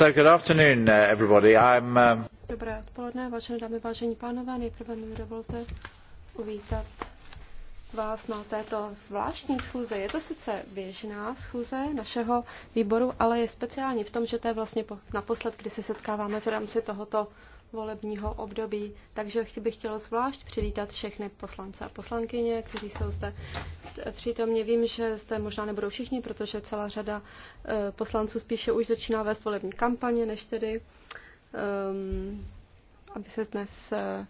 Uh, um, Dobré odpoledne, vážené dámy, vážení pánové. Nejprve mi dovolte uvítat vás na této zvláštní schůze. Je to sice běžná schůze našeho výboru, ale je speciální v tom, že to je vlastně naposled, kdy se setkáváme v rámci tohoto volebního období, takže bych chtěla zvlášť přivítat všechny poslance a poslankyně, kteří jsou zde přítomně. Vím, že zde možná nebudou všichni, protože celá řada eh, poslanců spíše už začíná vést volební kampaně, než tedy, um, aby se dnes eh,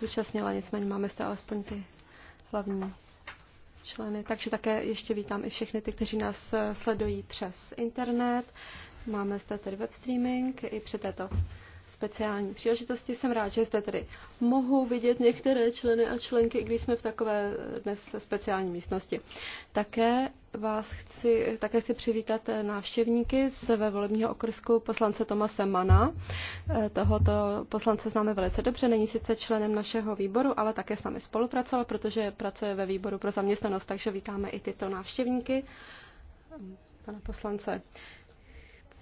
zúčastnila. Nicméně máme zde alespoň ty hlavní členy. Takže také ještě vítám i všechny ty, kteří nás eh, sledují přes internet. Máme zde tedy web streaming i při této speciální příležitosti. Jsem rád, že zde tedy mohu vidět některé členy a členky, i když jsme v takové dnes speciální místnosti. Také vás chci, také chci přivítat návštěvníky z ve volebního okrsku poslance Tomase Mana. Eh, tohoto poslance známe velice dobře, není sice členem našeho výboru, ale také s námi spolupracoval, protože pracuje ve výboru pro zaměstnanost, takže vítáme i tyto návštěvníky. Eh, pane poslance,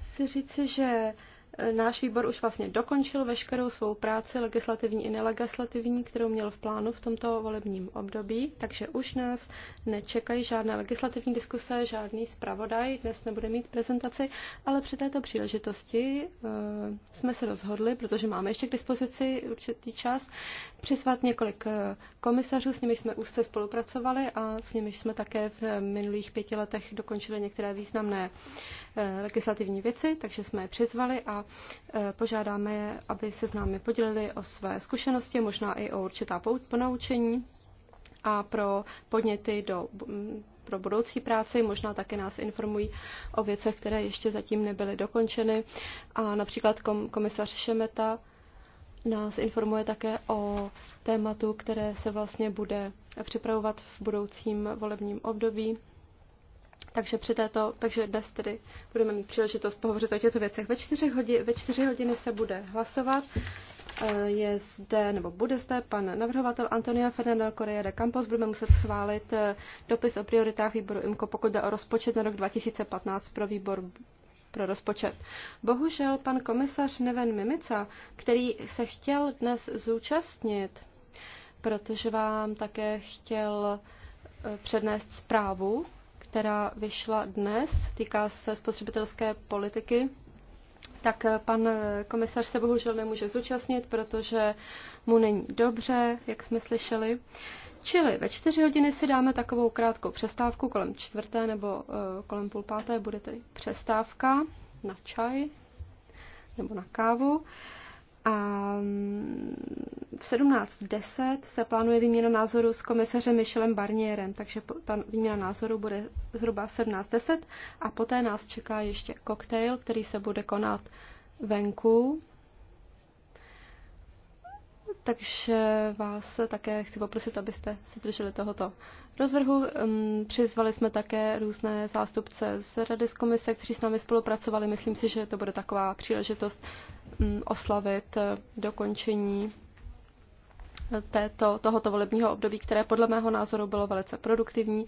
chci říci, že Náš výbor už vlastně dokončil veškerou svou práci legislativní i nelegislativní, kterou měl v plánu v tomto volebním období, takže už nás nečekají žádné legislativní diskuse, žádný zpravodaj, dnes nebude mít prezentaci, ale při této příležitosti eh, jsme se rozhodli, protože máme ještě k dispozici určitý čas, přizvat několik eh, komisařů, s nimi jsme úzce spolupracovali a s nimi jsme také v minulých pěti letech dokončili některé významné eh, legislativní věci, takže jsme je přizvali a Eh, požádáme je, aby se s námi podělili o své zkušenosti, možná i o určitá ponaučení a pro podněty do, mm, pro budoucí práci. Možná také nás informují o věcech, které ještě zatím nebyly dokončeny. A například kom, komisař Šemeta nás informuje také o tématu, které se vlastně bude připravovat v budoucím volebním období. Takže, při této, takže dnes tedy budeme mít příležitost pohovořit o těchto věcech. Ve čtyři, hodiny, ve čtyři hodiny se bude hlasovat. Eh, je zde, nebo bude zde pan navrhovatel Antonio Fernando Correa de Campos. Budeme muset schválit eh, dopis o prioritách výboru IMCO, pokud jde o rozpočet na rok 2015 pro výbor pro rozpočet. Bohužel pan komisař Neven Mimica, který se chtěl dnes zúčastnit, protože vám také chtěl eh, přednést zprávu která vyšla dnes, týká se spotřebitelské politiky, tak pan komisař se bohužel nemůže zúčastnit, protože mu není dobře, jak jsme slyšeli. Čili ve čtyři hodiny si dáme takovou krátkou přestávku, kolem čtvrté nebo eh, kolem půl páté bude tedy přestávka na čaj nebo na kávu. A v 17.10 se plánuje výměna názoru s komisařem Michelem Barnierem, takže ta výměna názoru bude zhruba 17.10 a poté nás čeká ještě koktejl, který se bude konat venku takže vás také chci poprosit, abyste se drželi tohoto rozvrhu. Přizvali jsme také různé zástupce z Rady z komise, kteří s námi spolupracovali. Myslím si, že to bude taková příležitost oslavit eh, dokončení eh, této, tohoto volebního období, které podle mého názoru bylo velice produktivní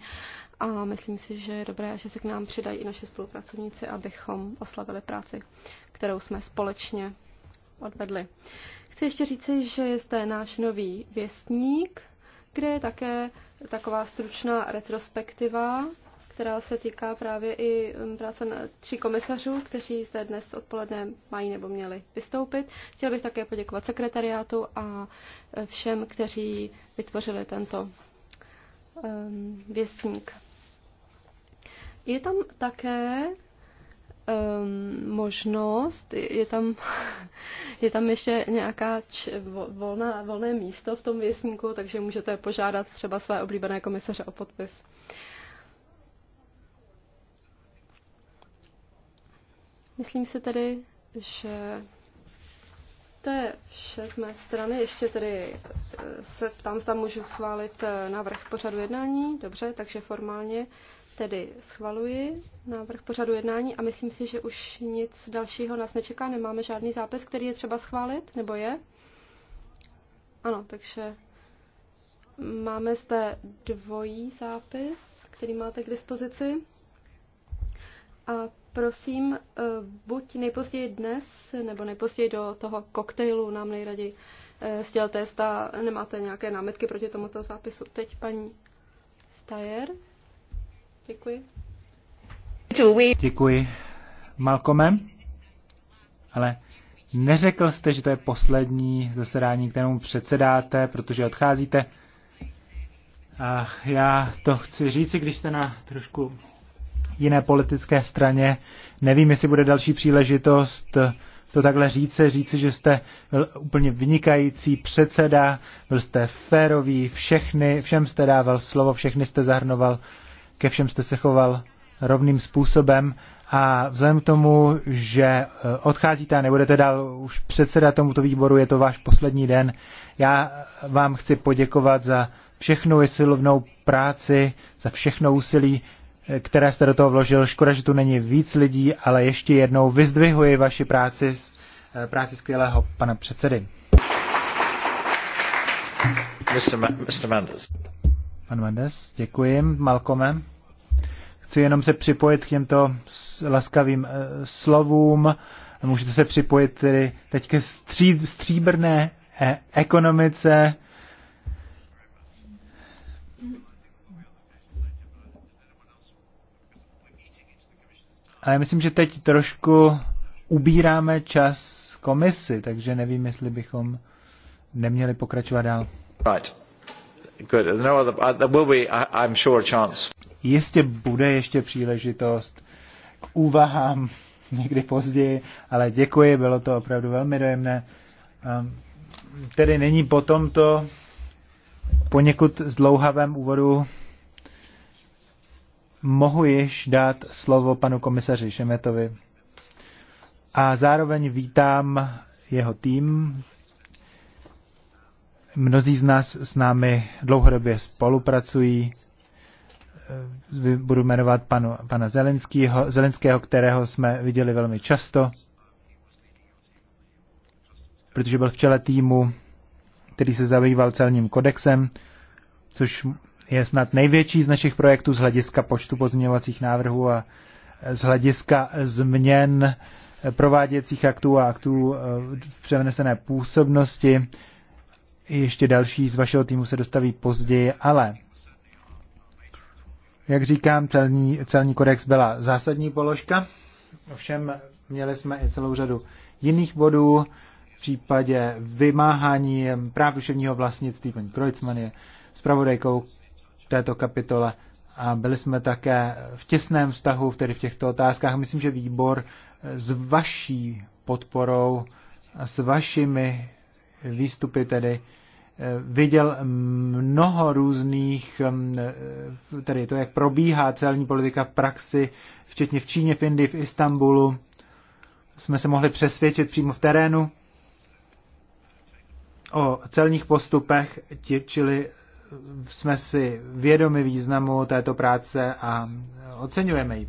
a myslím si, že je dobré, že se k nám přidají i naše spolupracovníci, abychom oslavili práci, kterou jsme společně odvedli. Chci ještě říci, že je zde náš nový věstník, kde je také taková stručná retrospektiva, která se týká právě i mm, práce na tří komisařů, kteří zde dnes odpoledne mají nebo měli vystoupit. Chtěl bych také poděkovat sekretariátu a e, všem, kteří vytvořili tento věstník. Je tam také um, možnost, je tam, je tam ještě nějaká č, volná, volné místo v tom věsníku, takže můžete požádat třeba své oblíbené komisaře o podpis. Myslím si tedy, že to je vše z mé strany. Ještě tedy eh, se tam, tam můžu schválit eh, návrh pořadu jednání. Dobře, takže formálně tedy schvaluji návrh pořadu jednání a myslím si, že už nic dalšího nás nečeká. Nemáme žádný zápis, který je třeba schválit, nebo je? Ano, takže máme zde dvojí zápis, který máte k dispozici. A prosím, eh, buď nejpozději dnes, nebo nejpozději do toho koktejlu nám nejraději eh, sdělte, zda nemáte nějaké námitky proti tomuto zápisu. Teď paní Stajer. Děkuji. Děkuji. Malcolmem? Ale neřekl jste, že to je poslední zasedání, kterému předsedáte, protože odcházíte. A já to chci říci, když jste na trošku jiné politické straně. Nevím, jestli bude další příležitost to takhle říct, říci, že jste byl úplně vynikající předseda, byl jste férový, všechny, všem jste dával slovo, všechny jste zahrnoval ke všem jste se choval rovným způsobem a vzhledem k tomu, že eh, odcházíte a nebudete dál už předseda tomuto výboru, je to váš poslední den, já vám chci poděkovat za všechnu silovnou práci, za všechno úsilí, eh, které jste do toho vložil. Škoda, že tu není víc lidí, ale ještě jednou vyzdvihuji vaši práci, eh, práci skvělého pana předsedy. Mr. Ma- Mr. Pan Mendes, děkuji. Malcolme, chci jenom se připojit k těmto laskavým eh, slovům. Můžete se připojit tedy teď ke stří, stříbrné eh, ekonomice. Ale myslím, že teď trošku ubíráme čas komisi, takže nevím, jestli bychom neměli pokračovat dál. Right. Good. No other, uh, there will be, I'm sure, chance. Jistě bude ještě příležitost k úvahám někdy později, ale děkuji, bylo to opravdu velmi dojemné. Um, tedy není po tomto poněkud zdlouhavém úvodu mohu již dát slovo panu komisaři Šemetovi. A zároveň vítám jeho tým, Mnozí z nás s námi dlouhodobě spolupracují. Eh, budu jmenovat panu, pana Zelenského, kterého jsme viděli velmi často, protože byl v čele týmu, který se zabýval celním kodexem, což je snad největší z našich projektů z hlediska počtu pozměňovacích návrhů a z hlediska změn prováděcích aktů a aktů v eh, přenesené působnosti ještě další z vašeho týmu se dostaví později, ale jak říkám, celní, celní kodex byla zásadní položka, ovšem měli jsme i celou řadu jiných bodů, v případě vymáhání práv duševního vlastnictví. Paní Kreuzmann je zpravodajkou této kapitole a byli jsme také v těsném vztahu tedy v těchto otázkách. Myslím, že výbor s vaší podporou a s vašimi výstupy tedy eh, viděl mnoho různých, mm, eh, tedy to, jak probíhá celní politika v praxi, včetně v Číně, v Indii, v Istanbulu. Jsme se mohli přesvědčit přímo v terénu o celních postupech, čili jsme si vědomi významu této práce a oceňujeme ji.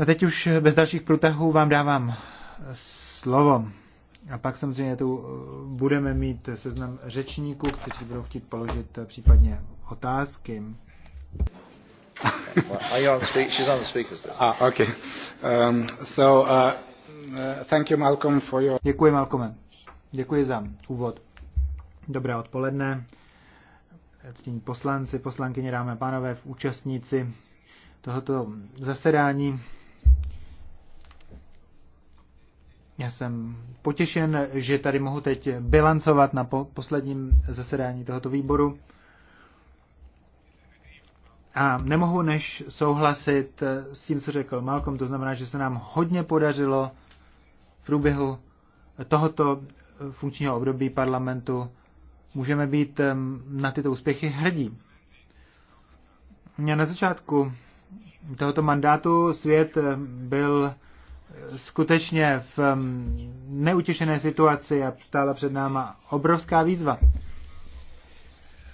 A teď už bez dalších průtahů vám dávám slovo. A pak samozřejmě tu eh, budeme mít seznam řečníků, kteří budou chtít položit eh, případně otázky. Are you on speak? She's on the speakers Ah, okay. Um, so, uh, uh, thank you, Malcolm, for your... Děkuji, Malcolm. Děkuji za úvod. Dobré odpoledne. Ctění poslanci, poslankyně, dámy a pánové, účastníci tohoto zasedání. Já jsem potěšen, že tady mohu teď bilancovat na po- posledním zasedání tohoto výboru. A nemohu než souhlasit eh, s tím, co řekl Malcolm, to znamená, že se nám hodně podařilo v průběhu tohoto eh, funkčního období parlamentu. Můžeme být eh, na tyto úspěchy hrdí. na začátku tohoto mandátu svět byl skutečně v neutěšené situaci a stála před náma obrovská výzva.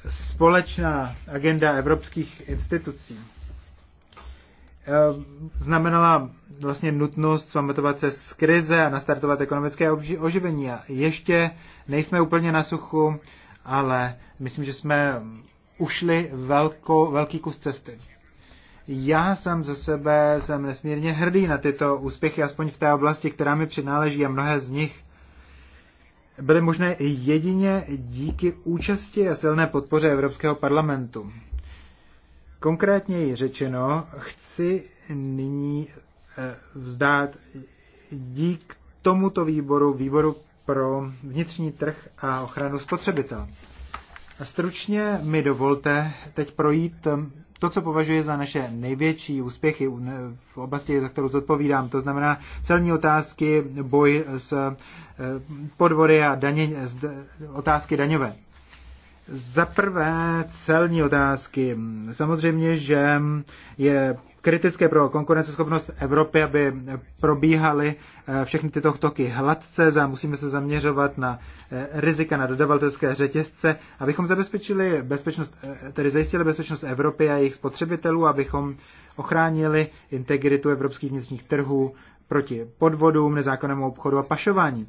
Společná agenda evropských institucí znamenala vlastně nutnost zpamatovat se z krize a nastartovat ekonomické oživení. A ještě nejsme úplně na suchu, ale myslím, že jsme ušli velkou, velký kus cesty. Já jsem ze sebe jsem nesmírně hrdý na tyto úspěchy, aspoň v té oblasti, která mi přináleží a mnohé z nich byly možné jedině díky účasti a silné podpoře Evropského parlamentu. Konkrétněji řečeno, chci nyní eh, vzdát dík tomuto výboru, výboru pro vnitřní trh a ochranu A Stručně mi dovolte teď projít to, co považuji za naše největší úspěchy v oblasti, za kterou zodpovídám, to znamená celní otázky, boj s eh, podvory a daně, otázky daňové. Za prvé celní otázky. Samozřejmě, že je kritické pro konkurenceschopnost Evropy, aby probíhaly eh, všechny tyto toky hladce. Musíme se zaměřovat na eh, rizika na dodavatelské řetězce, abychom zabezpečili bezpečnost, eh, tedy zajistili bezpečnost Evropy a jejich spotřebitelů, abychom ochránili integritu evropských vnitřních trhů proti podvodům, nezákonnému obchodu a pašování.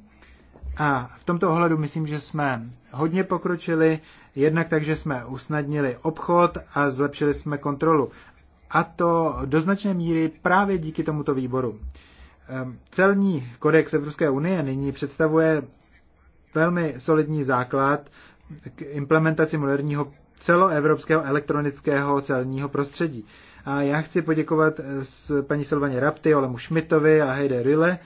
A v tomto ohledu myslím, že jsme hodně pokročili, jednak tak, že jsme usnadnili obchod a zlepšili jsme kontrolu a to do značné míry právě díky tomuto výboru. Ehm, celní kodex Evropské unie nyní představuje velmi solidní základ k implementaci moderního celoevropského elektronického celního prostředí. A já chci poděkovat eh, s paní Silvaně Rapty, Olemu Šmitovi a Heide Rille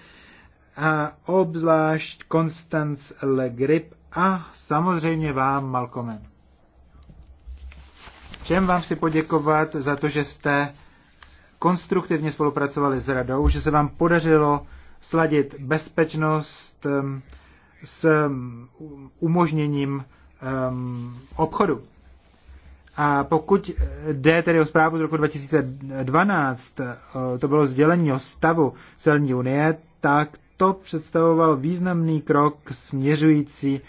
a obzvlášť Constance Le Grip a samozřejmě vám, Malcolmem. Všem vám chci poděkovat za to, že jste konstruktivně spolupracovali s radou, že se vám podařilo sladit bezpečnost s umožněním obchodu. A pokud jde tedy o zprávu z roku 2012, eh, to bylo sdělení o stavu celní unie, tak to představoval významný krok směřující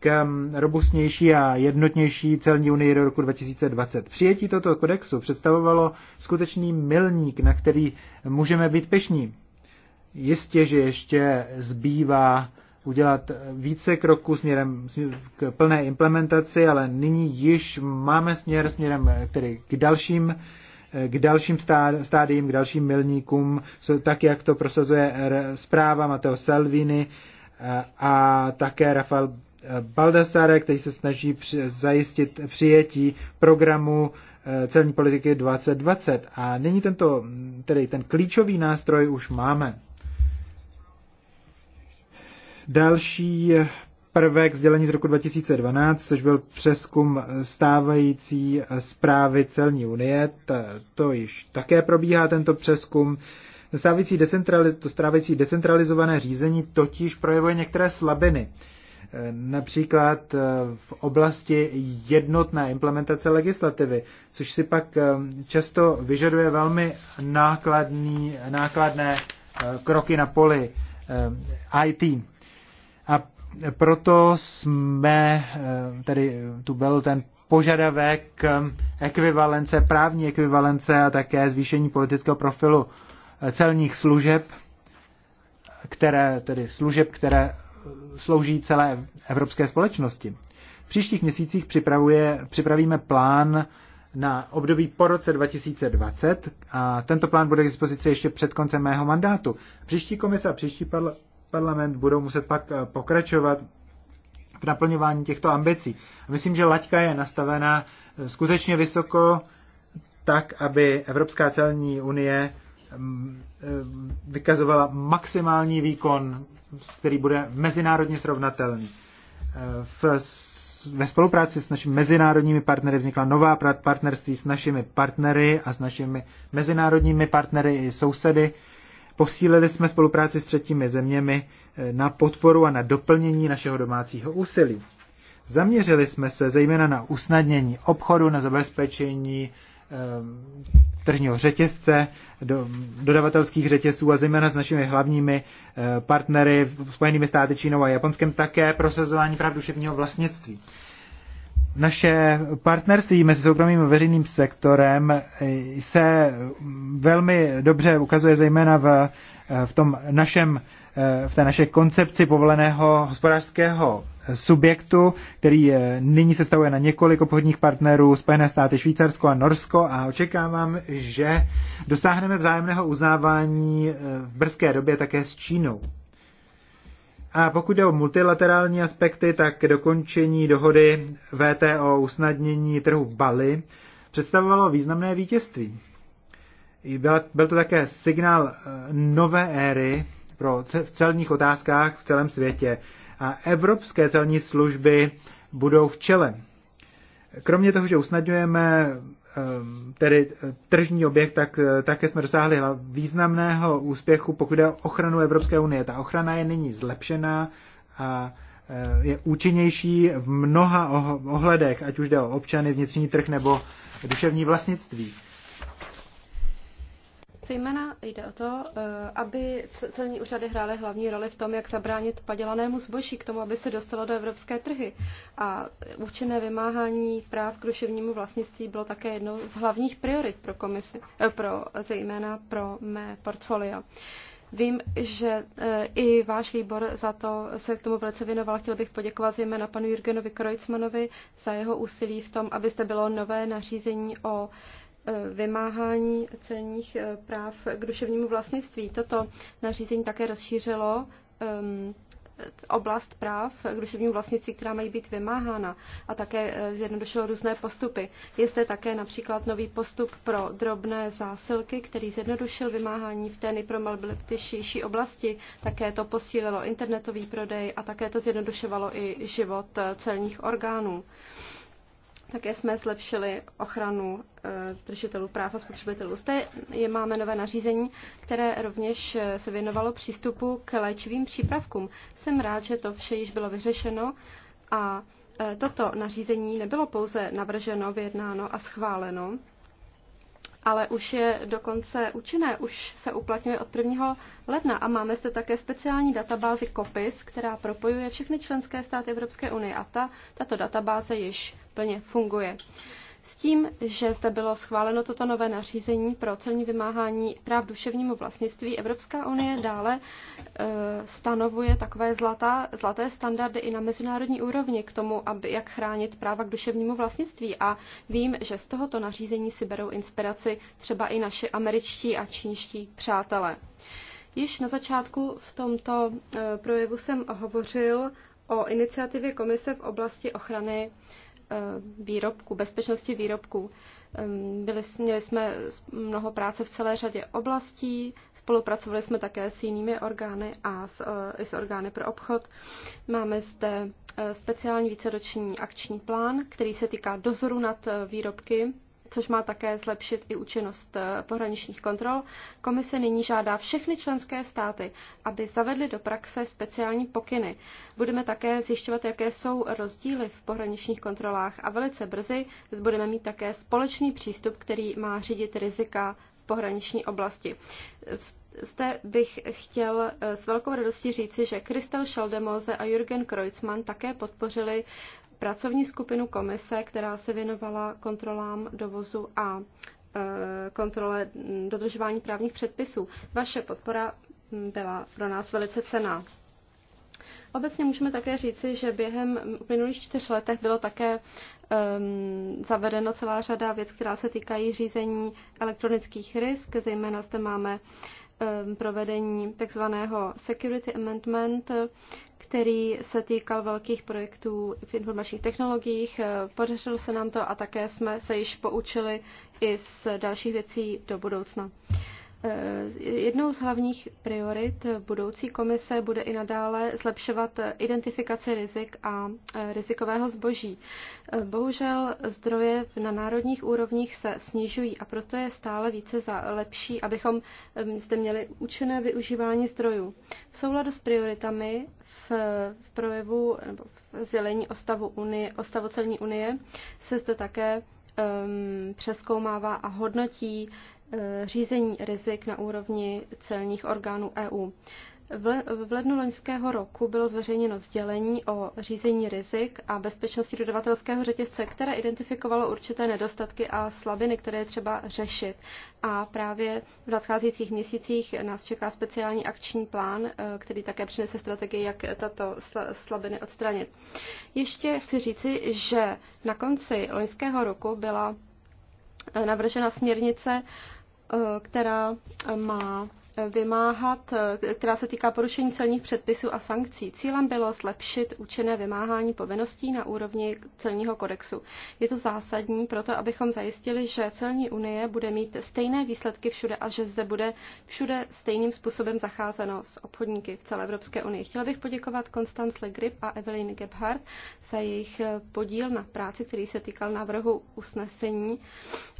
k um, robustnější a jednotnější celní unii do roku 2020. Přijetí tohoto kodexu představovalo skutečný milník, na který můžeme být pešní. Jistě, že ještě zbývá udělat více kroků směrem k plné implementaci, ale nyní již máme směr směrem který k dalším k dalším stádiím, k dalším milníkům, tak jak to prosazuje zpráva Mateo Salvini a také Rafael Baldassare, který se snaží při, zajistit přijetí programu eh, celní politiky 2020. A nyní tento, tedy ten klíčový nástroj už máme. Další prvek sdělení z roku 2012, což byl přeskum stávající zprávy celní unie, to již také probíhá tento přeskum. Stávající decentraliz- to stávající decentralizované řízení totiž projevuje některé slabiny například eh, v oblasti jednotné implementace legislativy, což si pak eh, často vyžaduje velmi nákladný, nákladné eh, kroky na poli IT. A proto jsme, tady tu byl ten požadavek ekvivalence, právní ekvivalence a také zvýšení politického profilu celních služeb, které, tedy služeb, které slouží celé evropské společnosti. V příštích měsících připravuje, připravíme plán na období po roce 2020 a tento plán bude k dispozici ještě před koncem mého mandátu. Příští komise a příští parlament budou muset pak eh, pokračovat v naplňování těchto ambicí. Myslím, že laťka je nastavena eh, skutečně vysoko, tak, aby Evropská celní unie mm, eh, vykazovala maximální výkon který bude mezinárodně srovnatelný. E, v, ve spolupráci s našimi mezinárodními partnery vznikla nová partnerství s našimi partnery a s našimi mezinárodními partnery i sousedy. Posílili jsme spolupráci s třetími zeměmi e, na podporu a na doplnění našeho domácího úsilí. Zaměřili jsme se zejména na usnadnění obchodu, na zabezpečení e, tržního řetězce, do, dodavatelských řetězců a zejména s našimi hlavními eh, partnery, Spojenými státy, Čínou a Japonskem, také prosazování práv duševního vlastnictví. Naše partnerství mezi soukromým a veřejným sektorem eh, se velmi dobře ukazuje zejména v, eh, v, tom našem, v té naše koncepci povoleného hospodářského subjektu, který eh, nyní se stavuje na několik obchodních partnerů, Spojené státy, Švýcarsko a Norsko a očekávám, že dosáhneme vzájemného uznávání eh, v brzké době také s Čínou. A pokud jde o multilaterální aspekty, tak dokončení dohody VTO usnadnění trhu v Bali představovalo významné vítězství. Byl, byl to také signál eh, nové éry pro v celních otázkách v celém světě a evropské celní služby budou v čele. Kromě toho, že usnadňujeme ehm, tedy eh, tržní objekt, tak eh, také jsme dosáhli významného úspěchu, pokud jde o ochranu Evropské unie. Ta ochrana je nyní zlepšená a eh, je účinnější v mnoha ohledech, ať už jde o občany, vnitřní trh nebo duševní vlastnictví. Zejména jde o to, eh, aby celní úřady hrály hlavní roli v tom, jak zabránit padělanému zboží k tomu, aby se dostalo do evropské trhy. A účinné vymáhání práv k duševnímu vlastnictví bylo také jednou z hlavních priorit pro komisi, eh, pro, zejména pro mé portfolio. Vím, že eh, i váš výbor za to se k tomu velice věnoval. Chtěl bych poděkovat zejména panu Jurgenovi Krojcmanovi za jeho úsilí v tom, abyste bylo nové nařízení o Eh, vymáhání celních eh, práv k duševnímu vlastnictví. Toto nařízení také rozšířilo ehm, oblast práv k duševnímu vlastnictví, která mají být vymáhána a také eh, zjednodušilo různé postupy. Je zde také například nový postup pro drobné zásilky, který zjednodušil vymáhání v té nejpromalbility širší oblasti. Také to posílilo internetový prodej a také to zjednodušovalo i život celních orgánů. Také jsme zlepšili ochranu eh, držitelů práv a spotřebitelů. Zde je, máme nové nařízení, které rovněž eh, se věnovalo přístupu k léčivým přípravkům. Jsem rád, že to vše již bylo vyřešeno a eh, toto nařízení nebylo pouze navrženo, vyjednáno a schváleno, ale už je dokonce účinné, už se uplatňuje od 1. ledna a máme zde také speciální databázi COPIS, která propojuje všechny členské státy Evropské unie a ta, tato databáze již plně funguje. Uh, s tím, že zde bylo schváleno toto nové nařízení pro celní vymáhání práv duševnímu vlastnictví, Evropská unie dále e, stanovuje takové zlatá, zlaté standardy i na mezinárodní úrovni k tomu, aby jak chránit práva k duševnímu vlastnictví. A vím, že z tohoto nařízení si berou inspiraci třeba i naši američtí a čínští přátelé. Již na začátku v tomto e, projevu jsem hovořil o iniciativě komise v oblasti ochrany Eh, výrobku, bezpečnosti výrobků. Byli, měli jsme mnoho práce v celé řadě oblastí, spolupracovali jsme také s jinými orgány a s, eh, i s orgány pro obchod. Máme zde eh, speciální víceroční akční plán, který se týká dozoru nad výrobky což má také zlepšit i účinnost eh, pohraničních kontrol. Komise nyní žádá všechny členské státy, aby zavedly do praxe speciální pokyny. Budeme také zjišťovat, jaké jsou rozdíly v pohraničních kontrolách a velice brzy budeme mít také společný přístup, který má řídit rizika v pohraniční oblasti. Zde bych chtěl eh, s velkou radostí říci, že Kristel Šaldemose a Jürgen Kreuzmann také podpořili pracovní skupinu komise, která se věnovala kontrolám dovozu a e, kontrole dodržování právních předpisů. Vaše podpora byla pro nás velice cená. Obecně můžeme také říci, že během minulých čtyř letech bylo také um, zavedeno celá řada věc, která se týkají řízení elektronických risk, zejména zde máme um, provedení takzvaného security amendment, který se týkal velkých projektů v informačních technologiích. Podařilo se nám to a také jsme se již poučili i z dalších věcí do budoucna. Eh, jednou z hlavních priorit budoucí komise bude i nadále zlepšovat identifikaci rizik a eh, rizikového zboží. Eh, bohužel zdroje na národních úrovních se snižují a proto je stále více za lepší, abychom zde měli účinné využívání zdrojů. V souladu s prioritami v, v projevu nebo v zelení o stavu, unie, o stavu celní unie se zde také um, ehm, přeskoumává a hodnotí Eh, řízení rizik na úrovni celních orgánů EU. V lednu loňského roku bylo zveřejněno sdělení o řízení rizik a bezpečnosti dodavatelského řetězce, které identifikovalo určité nedostatky a slabiny, které je třeba řešit. A právě v nadcházejících měsících nás čeká speciální akční plán, eh, který také přinese strategii, jak tato slabiny odstranit. Ještě chci říci, že na konci loňského roku byla eh, navržena směrnice která má vymáhat, která se týká porušení celních předpisů a sankcí. Cílem bylo zlepšit účinné vymáhání povinností na úrovni celního kodexu. Je to zásadní proto, abychom zajistili, že celní unie bude mít stejné výsledky všude a že zde bude všude stejným způsobem zacházeno s obchodníky v celé Evropské unii. Chtěla bych poděkovat Konstanc Le Grip a Evelyn Gebhardt za jejich podíl na práci, který se týkal návrhu usnesení.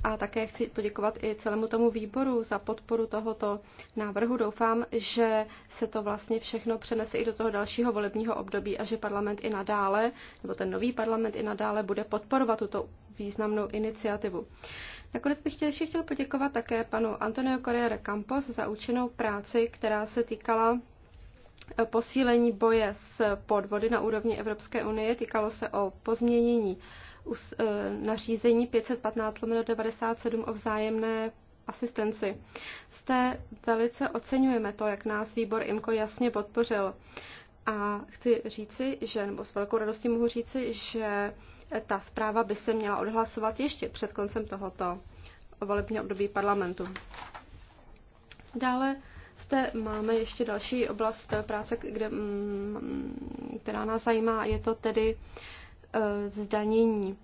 A také chci poděkovat i celému tomu výboru za podporu tohoto návrhu návrhu. Doufám, že se to vlastně všechno přenese i do toho dalšího volebního období a že parlament i nadále, nebo ten nový parlament i nadále bude podporovat tuto významnou iniciativu. Nakonec bych chtěl, ještě chtěl poděkovat také panu Antonio Correa Campos za účinnou práci, která se týkala posílení boje s podvody na úrovni Evropské unie. Týkalo se o pozměnění eh, nařízení 515 97 o vzájemné asistenci. Zde velice oceňujeme to, jak nás výbor IMKO jasně podpořil. A chci říci, že, nebo s velkou radostí mohu říci, že ta zpráva by se měla odhlasovat ještě před koncem tohoto volebního období parlamentu. Dále zde máme ještě další oblast práce, kde, mm, která nás zajímá, je to tedy eh, zdanění.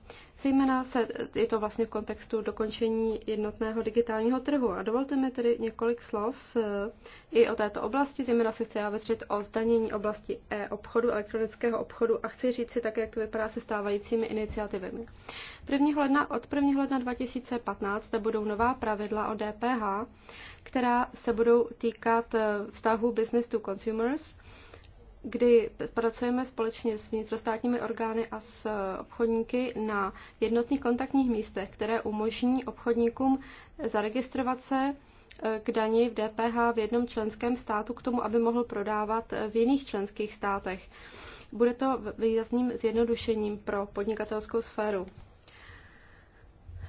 Zejména se, je to vlastně v kontextu dokončení jednotného digitálního trhu. A dovolte mi tedy několik slov eh, i o této oblasti. Zejména se chci vytřit o zdanění oblasti e-obchodu, elektronického obchodu a chci říct si také, jak to vypadá se stávajícími iniciativami. 1. Ledna, od 1. ledna 2015 budou nová pravidla o DPH, která se budou týkat eh, vztahu business to consumers – kdy pracujeme společně s vnitrostátními orgány a s obchodníky na jednotných kontaktních místech, které umožní obchodníkům zaregistrovat se eh, k dani v DPH v jednom členském státu k tomu, aby mohl prodávat eh, v jiných členských státech. Bude to výrazným zjednodušením pro podnikatelskou sféru.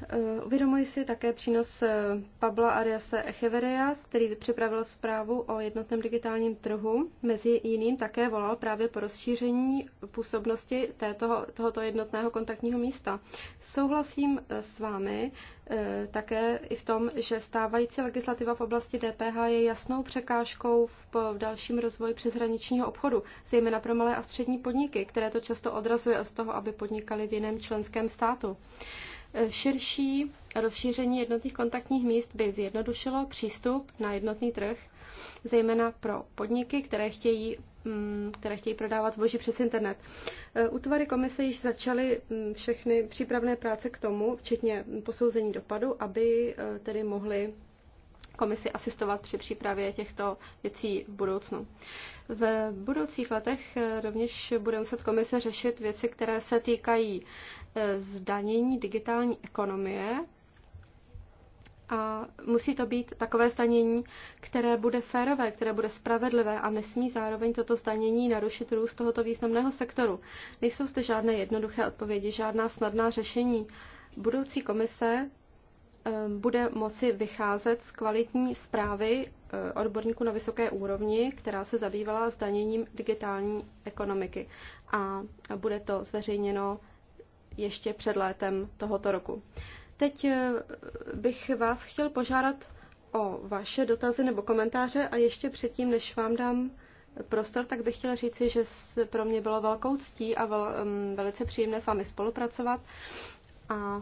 Eh, uvědomuji si také přínos eh, Pabla Ariase Echeveria, který připravil zprávu o jednotném digitálním trhu. Mezi jiným také volal právě po rozšíření působnosti této, tohoto jednotného kontaktního místa. Souhlasím eh, s vámi také i v tom, že stávající legislativa v oblasti DPH je jasnou překážkou v, dalším rozvoji přeshraničního obchodu, zejména pro malé a střední podniky, které to často odrazuje od toho, aby podnikali v jiném členském státu. Širší rozšíření jednotných kontaktních míst by zjednodušilo přístup na jednotný trh, zejména pro podniky, které chtějí, mm, které chtějí prodávat zboží přes internet. E, útvary komise již začaly mm, všechny přípravné práce k tomu, včetně posouzení dopadu, aby e, tedy mohly komisi asistovat při přípravě těchto věcí v budoucnu. V budoucích letech e, rovněž bude muset komise řešit věci, které se týkají zdanění digitální ekonomie a musí to být takové zdanění, které bude férové, které bude spravedlivé a nesmí zároveň toto zdanění narušit růst tohoto významného sektoru. Nejsou zde žádné jednoduché odpovědi, žádná snadná řešení. Budoucí komise eh, bude moci vycházet z kvalitní zprávy eh, odborníků na vysoké úrovni, která se zabývala zdaněním digitální ekonomiky. A bude to zveřejněno ještě před létem tohoto roku. Teď eh, bych vás chtěl požádat o vaše dotazy nebo komentáře a ještě předtím, než vám dám prostor, tak bych chtěla říci, že pro mě bylo velkou ctí a vel, um, velice příjemné s vámi spolupracovat a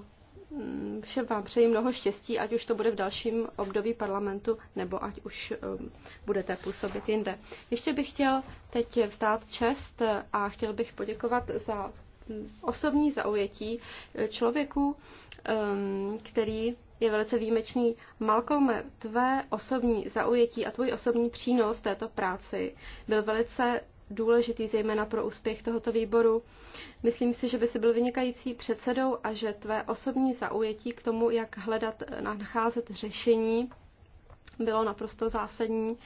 um, všem vám přeji mnoho štěstí, ať už to bude v dalším období parlamentu, nebo ať už um, budete působit jinde. Ještě bych chtěl teď vzdát čest a chtěl bych poděkovat za osobní zaujetí člověku, ehm, který je velice výjimečný. Malcolm, tvé osobní zaujetí a tvůj osobní přínos této práci byl velice důležitý, zejména pro úspěch tohoto výboru. Myslím si, že by si byl vynikající předsedou a že tvé osobní zaujetí k tomu, jak hledat, nacházet řešení, bylo naprosto zásadní.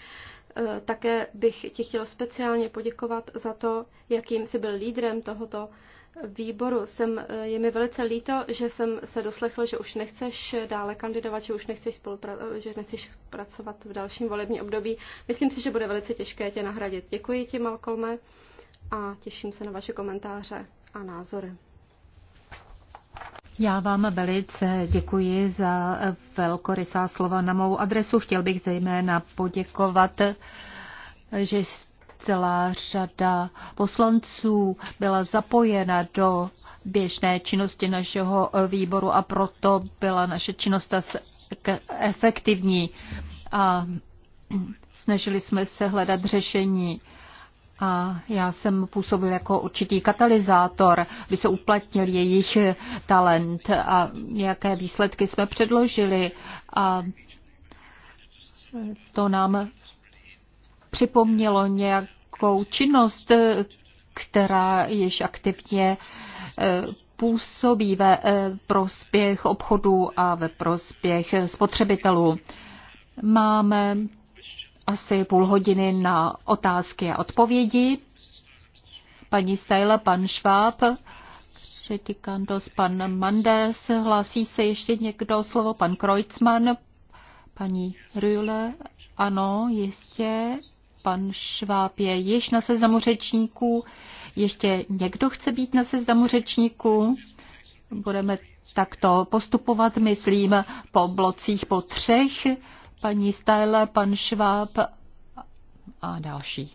Eh, také bych ti chtěl speciálně poděkovat za to, jakým jsi byl lídrem tohoto výboru. Jsem, eh, je mi velice líto, že jsem se doslechl, že už nechceš dále kandidovat, že už nechceš, spolupra- že nechceš pracovat v dalším volebním období. Myslím si, že bude velice těžké tě nahradit. Děkuji ti, Malkolme, a těším se na vaše komentáře a názory. Já vám velice děkuji za velkorysá slova na mou adresu. Chtěl bych zejména poděkovat, že jste Celá řada poslanců byla zapojena do běžné činnosti našeho eh, výboru a proto byla naše činnost efektivní. A mm, snažili jsme se hledat řešení. A já jsem působil jako určitý katalyzátor, aby se uplatnil jejich eh, talent a jaké výsledky jsme předložili. A eh, to nám připomnělo nějakou činnost, která již aktivně eh, působí ve eh, prospěch obchodu a ve prospěch spotřebitelů. Máme asi půl hodiny na otázky a odpovědi. Paní Sejla, pan Šváb, Šetikandos, pan Manders, hlásí se ještě někdo slovo, pan Kreutzmann, paní Rühle, ano, jistě. Pan Šváb je již na seznamu řečníků. Ještě někdo chce být na seznamu řečníků? Budeme takto postupovat, myslím, po blocích po třech. Paní Stajle, pan Šváb a další.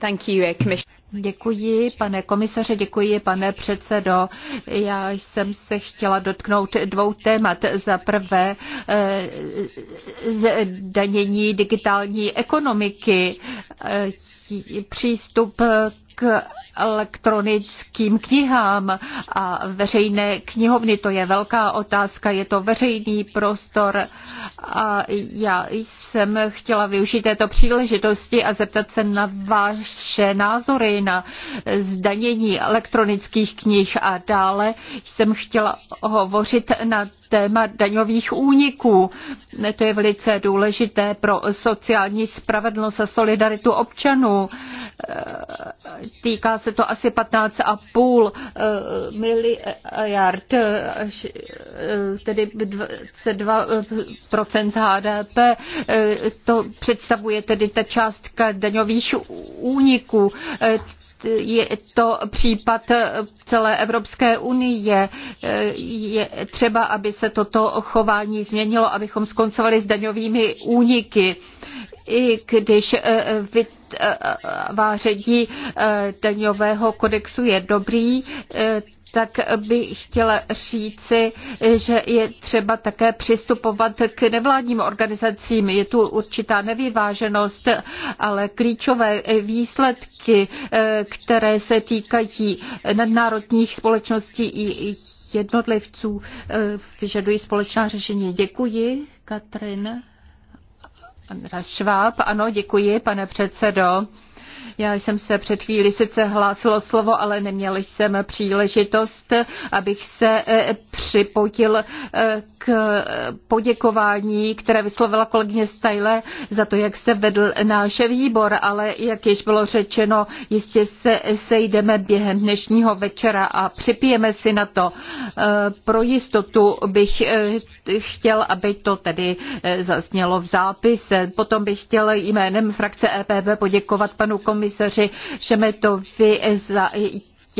Thank you, eh, Děkuji, pane komisaře, děkuji, pane předsedo. Já jsem se chtěla dotknout dvou témat. Za prvé eh, zdanění digitální ekonomiky, eh, přístup k elektronickým knihám a veřejné knihovny. To je velká otázka, je to veřejný prostor a já jsem chtěla využít této příležitosti a zeptat se na vaše názory na zdanění elektronických knih a dále jsem chtěla hovořit na téma daňových úniků. To je velice důležité pro sociální spravedlnost a solidaritu občanů. Týká se to asi 15,5 eh, miliard, eh, tedy 22% z HDP. Eh, to představuje tedy ta částka daňových úniků je to případ celé Evropské unie. Je třeba, aby se toto chování změnilo, abychom skoncovali s daňovými úniky. I když eh, vytváření eh, eh, daňového kodexu je dobrý, tak bych chtěla říci, že je třeba také přistupovat k nevládním organizacím. Je tu určitá nevyváženost, ale klíčové výsledky, které se týkají nadnárodních společností i jednotlivců, vyžadují společná řešení. Děkuji, Katrin. Šváb, ano, děkuji, pane předsedo. Já jsem se před chvíli sice hlásilo slovo, ale neměl jsem příležitost, abych se e, připotil e, k poděkování, které vyslovila kolegyně Stajle za to, jak se vedl náš výbor, ale jak již bylo řečeno, jistě se sejdeme během dnešního večera a připijeme si na to. E, pro jistotu bych chtěl, aby to tedy eh, zaznělo v zápise. Potom bych chtěl jménem frakce EPV poděkovat panu komisaři Šemetovi za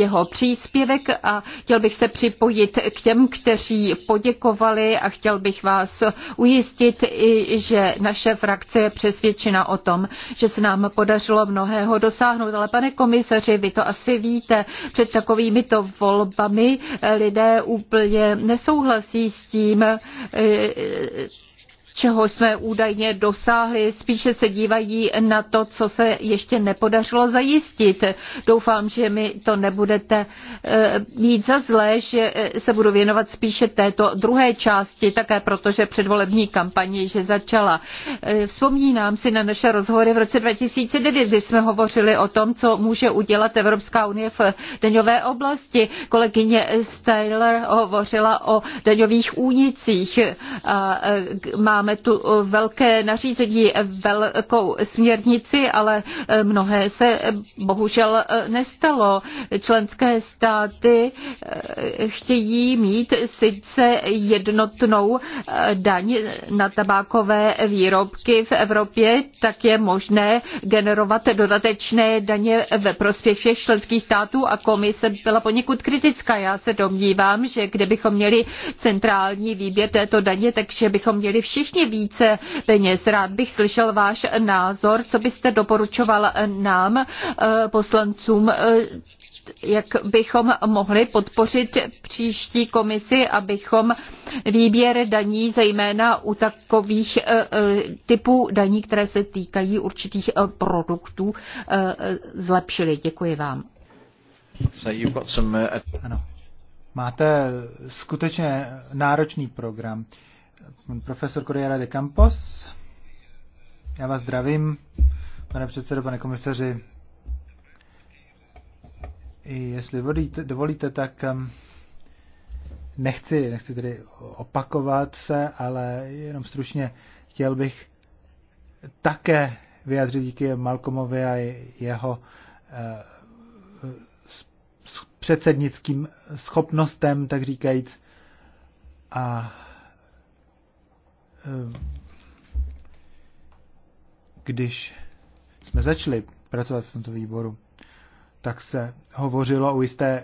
jeho příspěvek a chtěl bych se připojit k těm, kteří poděkovali a chtěl bych vás ujistit i, že naše frakce je přesvědčena o tom, že se nám podařilo mnohého dosáhnout. Ale pane komisaři, vy to asi víte, před takovými to volbami lidé úplně nesouhlasí s tím, eh, čeho jsme údajně dosáhli, spíše se dívají na to, co se ještě nepodařilo zajistit. Doufám, že mi to nebudete eh, mít za zlé, že eh, se budu věnovat spíše této druhé části, také protože předvolební kampaně, že začala. Eh, vzpomínám si na naše rozhovory v roce 2009, kdy jsme hovořili o tom, co může udělat Evropská unie v daňové oblasti. Kolegyně Steyler hovořila o daňových únicích. A má Máme tu eh, velké nařízení, eh, velkou směrnici, ale eh, mnohé se bohužel nestalo. Členské státy chtějí mít sice jednotnou daň na tabákové výrobky v Evropě, tak je možné generovat dodatečné daně ve prospěch všech členských států a komise byla poněkud kritická. Já se domnívám, že kdybychom měli centrální výběr této daně, takže bychom měli všichni skutečně více peněz. Rád bych slyšel váš názor, co byste doporučoval nám, eh, poslancům eh, jak bychom mohli podpořit příští komisi, abychom výběr daní, zejména u takových eh, typů daní, které se týkají určitých produktů, zlepšili. Děkuji vám. Ano. Máte skutečně náročný program pan profesor Corriera de Campos. Já vás zdravím, pane předsedo, pane komisaři. I jestli vodíte, dovolíte, tak um, nechci, nechci tedy opakovat se, ale jenom stručně chtěl bych také vyjádřit díky Malcolmovi a jeho eh, předsednickým schopnostem, tak říkajíc. A Eh, když jsme začali pracovat v tomto výboru, tak se hovořilo o jisté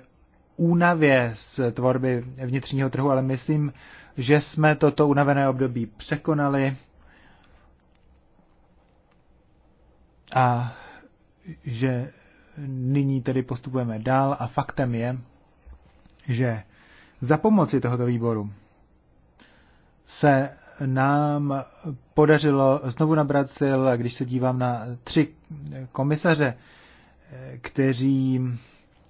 únavě z tvorby vnitřního trhu, ale myslím, že jsme toto unavené období překonali a že nyní tedy postupujeme dál a faktem je, že za pomoci tohoto výboru se nám podařilo znovu nabrat sil, a když se dívám na tři komisaře, eh, kteří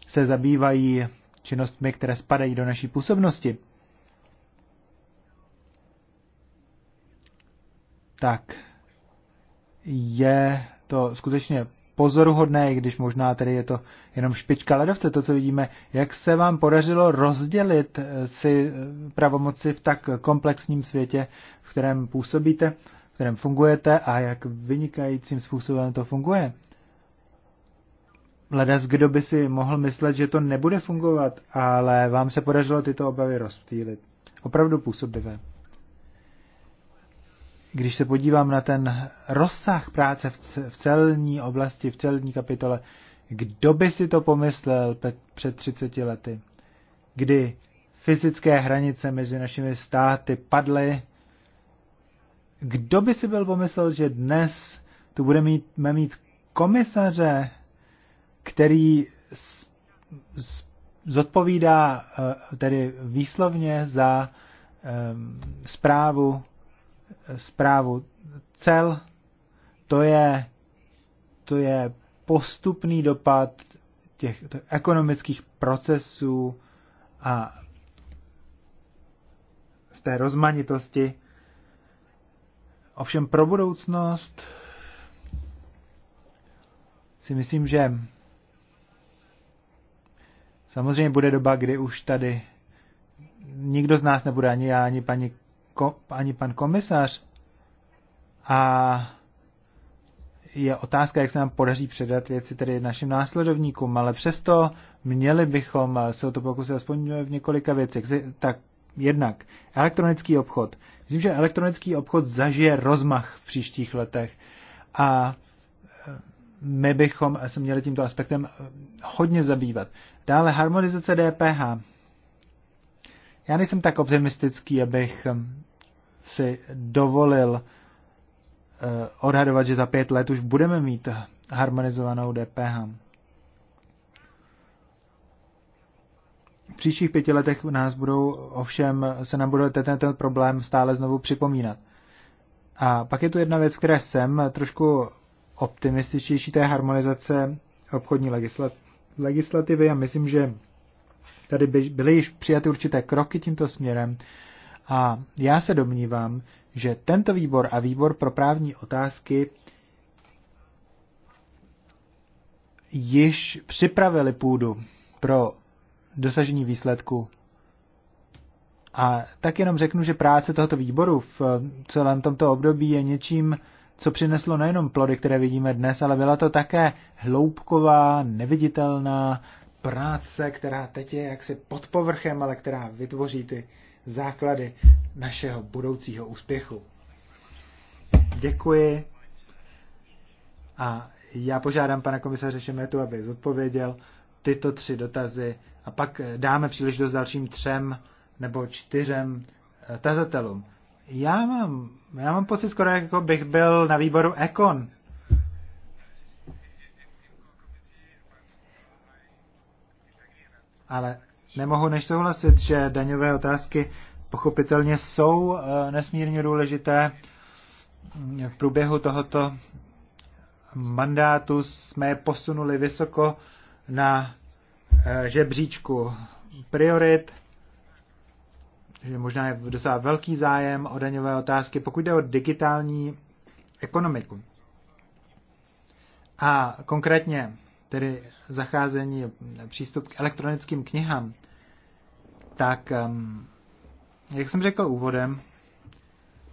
se zabývají činnostmi, které spadají do naší působnosti, tak je to skutečně pozoruhodné, i když možná tedy je to jenom špička ledovce, to, co vidíme. Jak se vám podařilo rozdělit eh, si eh, pravomoci v tak komplexním světě, v kterém působíte, v kterém fungujete a jak vynikajícím způsobem to funguje? Ledas, kdo by si mohl myslet, že to nebude fungovat, ale vám se podařilo tyto obavy rozptýlit. Opravdu působivé když se podívám na ten rozsah práce v celní oblasti, v celní kapitole, kdo by si to pomyslel před 30 lety, kdy fyzické hranice mezi našimi státy padly, kdo by si byl pomyslel, že dnes tu budeme mít, mít komisaře, který z, z, zodpovídá eh, tedy výslovně za um, eh, zprávu zprávu cel, to je, to je postupný dopad těch, ekonomických procesů a z té rozmanitosti. Ovšem pro budoucnost si myslím, že samozřejmě bude doba, kdy už tady nikdo z nás nebude, ani já, ani paní ani pan komisař. A je otázka, jak se nám podaří předat věci tedy našim následovníkům, ale přesto měli bychom se o to pokusit aspoň v několika věcech. Tak jednak elektronický obchod. Myslím, že elektronický obchod zažije rozmach v příštích letech a eh, my bychom se měli tímto aspektem eh, hodně zabývat. Dále harmonizace DPH. Já nejsem tak optimistický, abych hm, si dovolil eh, odhadovat, že za pět let už budeme mít harmonizovanou DPH. V příštích pěti letech nás budou, ovšem se nám bude ten, ten problém stále znovu připomínat. A pak je tu jedna věc, která jsem trošku optimističtější, té harmonizace obchodní legislativy a myslím, že tady byly již přijaty určité kroky tímto směrem a já se domnívám, že tento výbor a výbor pro právní otázky již připravili půdu pro dosažení výsledku. A tak jenom řeknu, že práce tohoto výboru v celém tomto období je něčím, co přineslo nejenom plody, které vidíme dnes, ale byla to také hloubková, neviditelná práce, která teď je jaksi pod povrchem, ale která vytvoří ty základy našeho budoucího úspěchu. Děkuji. A já požádám pana komisaře Šemetu, aby zodpověděl tyto tři dotazy a pak dáme příležitost dalším třem nebo čtyřem eh, tazatelům. Já mám, já mám pocit skoro, jako bych byl na výboru Ekon. Ale nemohu než souhlasit, že daňové otázky pochopitelně jsou eh, nesmírně důležité. V průběhu tohoto mandátu jsme je posunuli vysoko na eh, žebříčku priorit, že možná je docela velký zájem o daňové otázky, pokud jde o digitální ekonomiku. A konkrétně tedy zacházení, přístup k elektronickým knihám, tak, jak jsem řekl úvodem,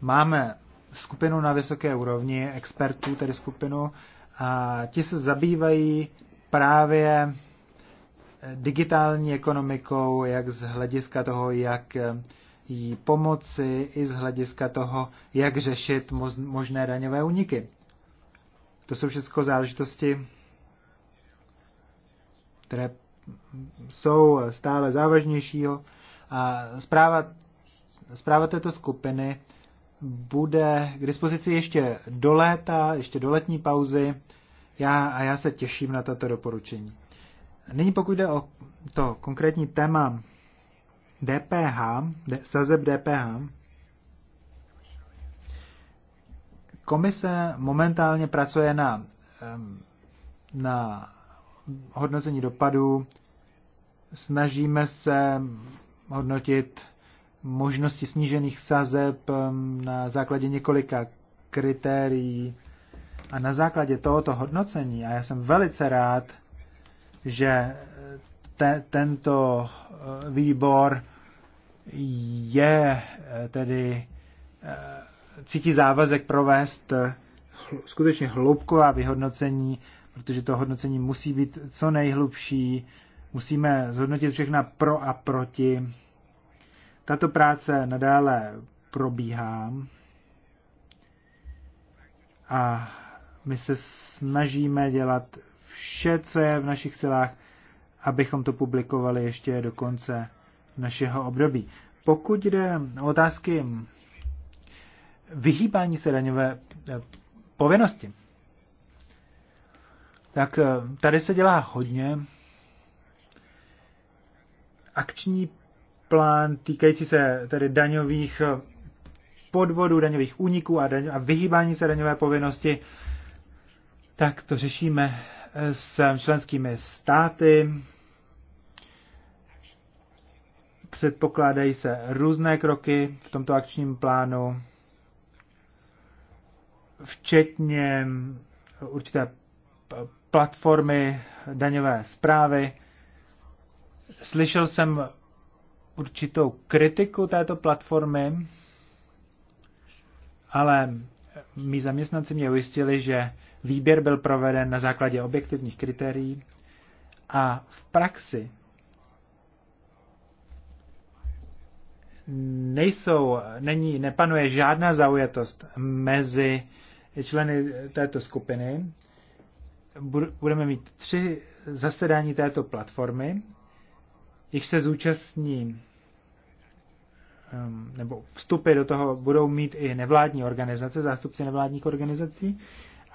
máme skupinu na vysoké úrovni expertů, tedy skupinu, a ti se zabývají právě eh, digitální ekonomikou, jak z hlediska toho, jak eh, jí pomoci, i z hlediska toho, jak řešit možné daňové úniky. To jsou všechno záležitosti, které jsou stále závažnější. A zpráva, zpráva této skupiny bude k dispozici ještě do léta, ještě do letní pauzy. Já, a já se těším na tato doporučení. Nyní pokud jde o to konkrétní téma DPH, sazeb DPH, komise momentálně pracuje na, na hodnocení dopadů snažíme se hodnotit možnosti snížených sazeb um, na základě několika kritérií. A na základě tohoto hodnocení, a já jsem velice rád, že te, tento uh, výbor je uh, tedy uh, cítí závazek provést skutečně hloubková vyhodnocení protože to hodnocení musí být co nejhlubší, musíme zhodnotit všechna pro a proti. Tato práce nadále probíhá a my se snažíme dělat vše, co je v našich silách, abychom to publikovali ještě do konce našeho období. Pokud jde o otázky vyhýbání se daňové eh, povinnosti, tak eh, tady se dělá hodně. Akční plán týkající se tedy daňových eh, podvodů, daňových úniků a, daň, a vyhýbání se daňové povinnosti, tak to řešíme eh, s členskými státy. Předpokládají se různé kroky v tomto akčním plánu, včetně určité platformy daňové zprávy. Slyšel jsem určitou kritiku této platformy, ale mý zaměstnanci mě ujistili, že výběr byl proveden na základě objektivních kritérií a v praxi nejsou, není, nepanuje žádná zaujatost mezi členy této skupiny budeme mít tři zasedání této platformy, jich se zúčastní ehm, nebo vstupy do toho budou mít i nevládní organizace, zástupci nevládních organizací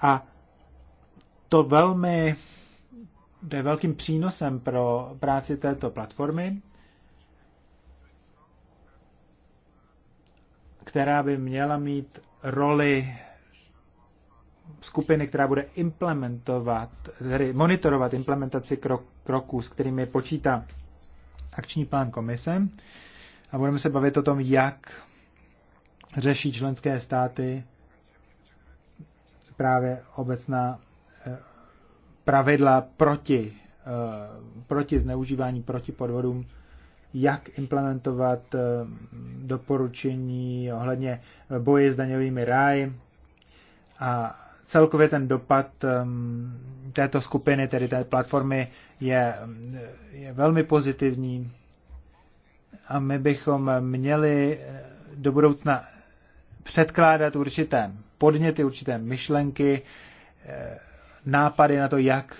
a to velmi to je velkým přínosem pro práci této platformy, která by měla mít roli skupiny, která bude implementovat, tedy monitorovat implementaci krok, kroků, s kterými počítá akční plán komise. A budeme se bavit o tom, jak řeší členské státy právě obecná eh, pravidla proti, eh, proti zneužívání, proti podvodům, jak implementovat eh, doporučení ohledně boje s daňovými ráji a celkově ten dopad ehm, této skupiny, tedy té platformy, je, je velmi pozitivní a my bychom měli eh, do budoucna předkládat určité podněty, určité myšlenky, eh, nápady na to, jak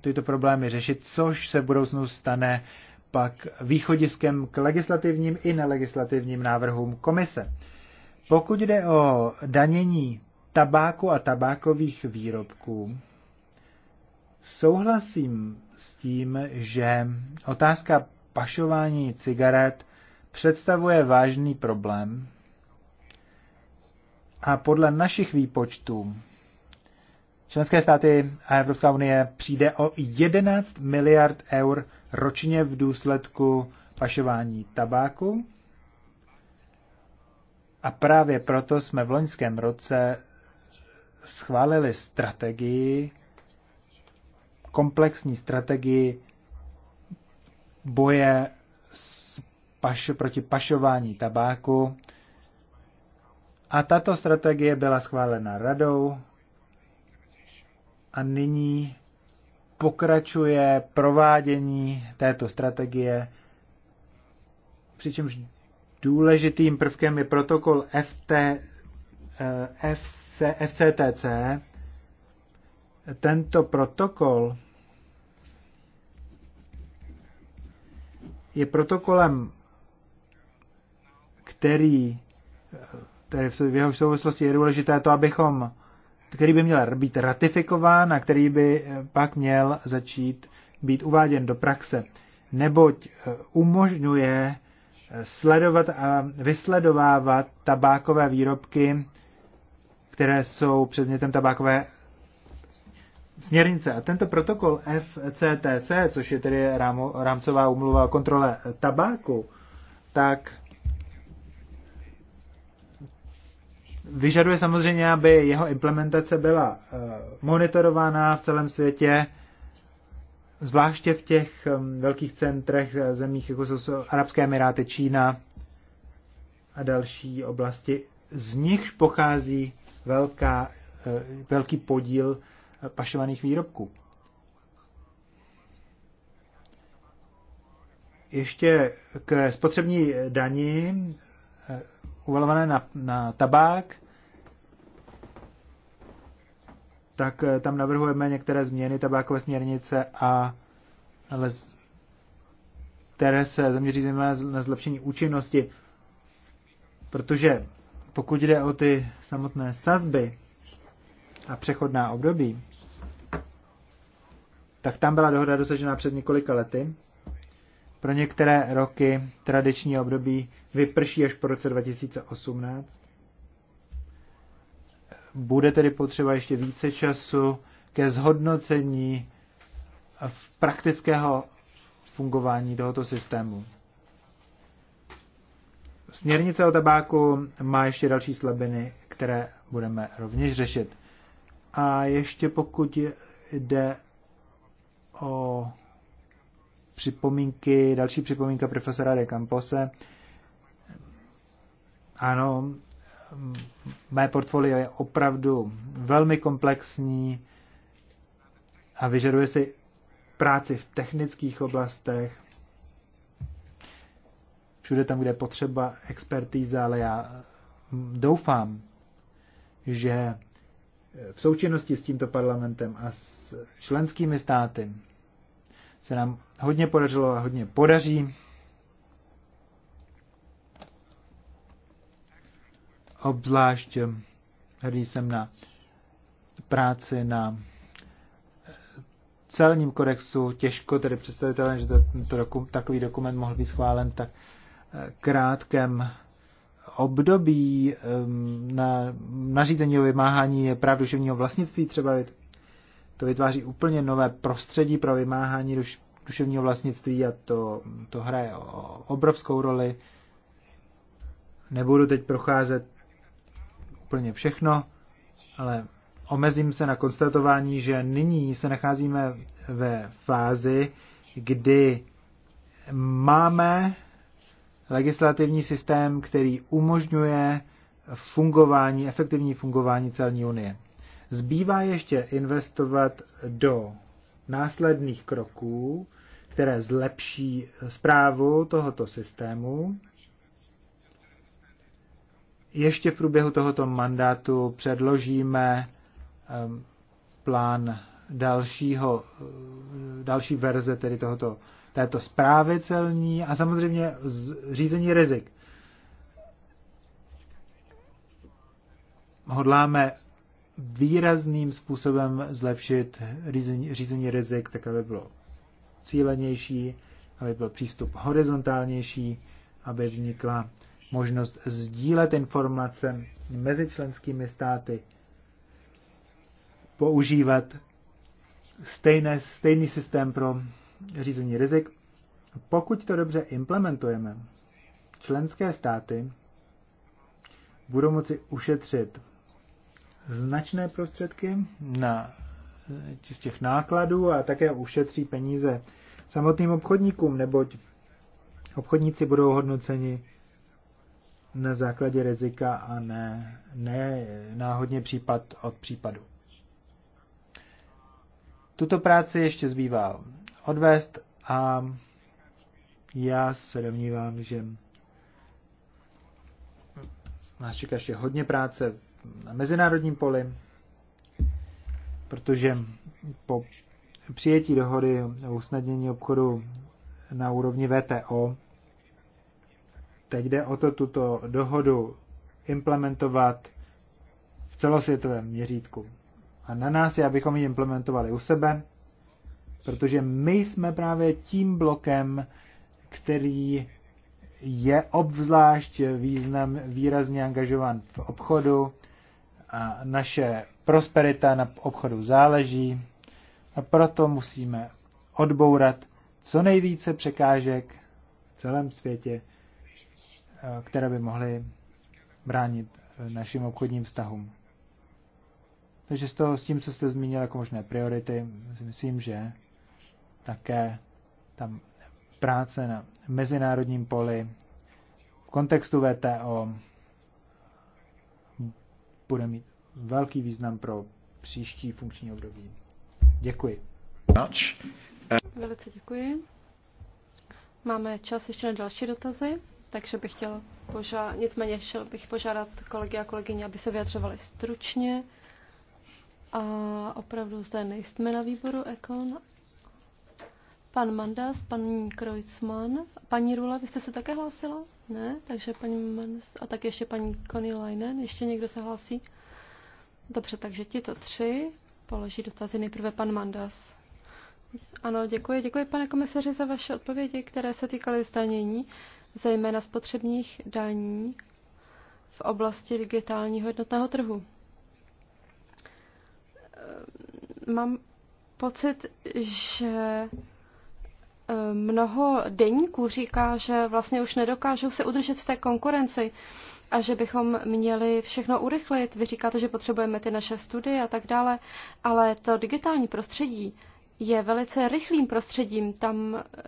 tyto problémy řešit, což se v budoucnu stane pak východiskem k legislativním i nelegislativním návrhům komise. Pokud jde o danění tabáku a tabákových výrobků, souhlasím s tím, že otázka pašování cigaret představuje vážný problém a podle našich výpočtů členské státy a Evropská unie přijde o 11 miliard eur ročně v důsledku pašování tabáku. A právě proto jsme v loňském roce schválili strategii, komplexní strategii boje s paš, proti pašování tabáku. A tato strategie byla schválena radou a nyní pokračuje provádění této strategie, přičemž důležitým prvkem je protokol FT, eh, FCTC, tento protokol je protokolem, který, který v jeho souvislosti je důležité to, abychom, který by měl být ratifikován a který by eh, pak měl začít být uváděn do praxe, neboť eh, umožňuje eh, sledovat a vysledovávat tabákové výrobky které jsou předmětem tabákové směrnice. A tento protokol FCTC, což je tedy rámo, rámcová umluva o kontrole tabáku, tak vyžaduje samozřejmě, aby jeho implementace byla eh, monitorována v celém světě, zvláště v těch velkých centrech eh, zemích, jako jsou Arabské Emiráty, Čína a další oblasti, z nichž pochází velká, eh, velký podíl eh, pašovaných výrobků. Ještě k spotřební dani eh, uvalované na, na tabák, tak tam navrhujeme některé změny tabákové směrnice a ale které se zaměří na zlepšení účinnosti, protože pokud jde o ty samotné sazby a přechodná období, tak tam byla dohoda dosažena před několika lety. Pro některé roky tradiční období vyprší až po roce 2018. Bude tedy potřeba ještě více času ke zhodnocení v praktického fungování tohoto systému. Směrnice o tabáku má ještě další slabiny, které budeme rovněž řešit. A ještě pokud jde o připomínky, další připomínka profesora de Campose, ano, mé portfolio je opravdu velmi komplexní a vyžaduje si práci v technických oblastech, všude tam, kde je potřeba expertíza, ale já hm, doufám, že eh, v součinnosti s tímto parlamentem a s členskými státy se nám hodně podařilo a hodně podaří obzvlášť hm, hrdý jsem na práci na eh, celním kodexu. Těžko tedy představitelné, že to, to doku, takový dokument mohl být schválen tak krátkém období na nařízení o vymáhání práv duševního vlastnictví třeba to vytváří úplně nové prostředí pro vymáhání duš, duševního vlastnictví a to, to hraje obrovskou roli. Nebudu teď procházet úplně všechno, ale omezím se na konstatování, že nyní se nacházíme ve fázi, kdy máme legislativní systém, který umožňuje fungování, efektivní fungování celní unie. Zbývá ještě investovat do následných kroků, které zlepší zprávu tohoto systému. Ještě v průběhu tohoto mandátu předložíme um, plán dalšího, další verze tedy tohoto této zprávy celní a samozřejmě řízení rizik. Hodláme výrazným způsobem zlepšit řízení, řízení rizik, tak aby bylo cílenější, aby byl přístup horizontálnější, aby vznikla možnost sdílet informace mezi členskými státy, používat stejné, stejný systém pro řízení rizik. Pokud to dobře implementujeme, členské státy budou moci ušetřit značné prostředky na čistěch nákladů a také ušetří peníze samotným obchodníkům, neboť obchodníci budou hodnoceni na základě rizika a ne, ne náhodně případ od případu. Tuto práci ještě zbývá odvést a já se domnívám, že nás čeká ještě hodně práce na mezinárodním poli, protože po přijetí dohody o usnadnění obchodu na úrovni VTO, teď jde o to tuto dohodu implementovat v celosvětovém měřítku. A na nás je, abychom ji implementovali u sebe Protože my jsme právě tím blokem, který je obzvlášť význam, výrazně angažovan v obchodu a naše prosperita na obchodu záleží a proto musíme odbourat co nejvíce překážek v celém světě, které by mohly bránit našim obchodním vztahům. Takže s, toho, s tím, co jste zmínil jako možné priority, myslím, že také tam práce na mezinárodním poli, v kontextu VTO bude mít velký význam pro příští funkční období. Děkuji. Velice děkuji. Máme čas ještě na další dotazy, takže bych chtěl požádat, nicméně chtěl bych požádat kolegy a kolegyně, aby se vyjadřovali stručně. A opravdu zde nejsme na výboru Ekon Pan Mandas, paní Kreuzmann. Paní Rula, vy jste se také hlásila? Ne, takže paní Mandas a tak ještě paní Connie Leinen. Ještě někdo se hlásí? Dobře, takže tito tři položí dotazy nejprve pan Mandas. Ano, děkuji. Děkuji, pane komisaři, za vaše odpovědi, které se týkaly zdanění, zejména spotřebních daní v oblasti digitálního jednotného trhu. Mám pocit, že mnoho deníků říká, že vlastně už nedokážou se udržet v té konkurenci a že bychom měli všechno urychlit. Vy říkáte, že potřebujeme ty naše studie a tak dále, ale to digitální prostředí je velice rychlým prostředím. Tam eh,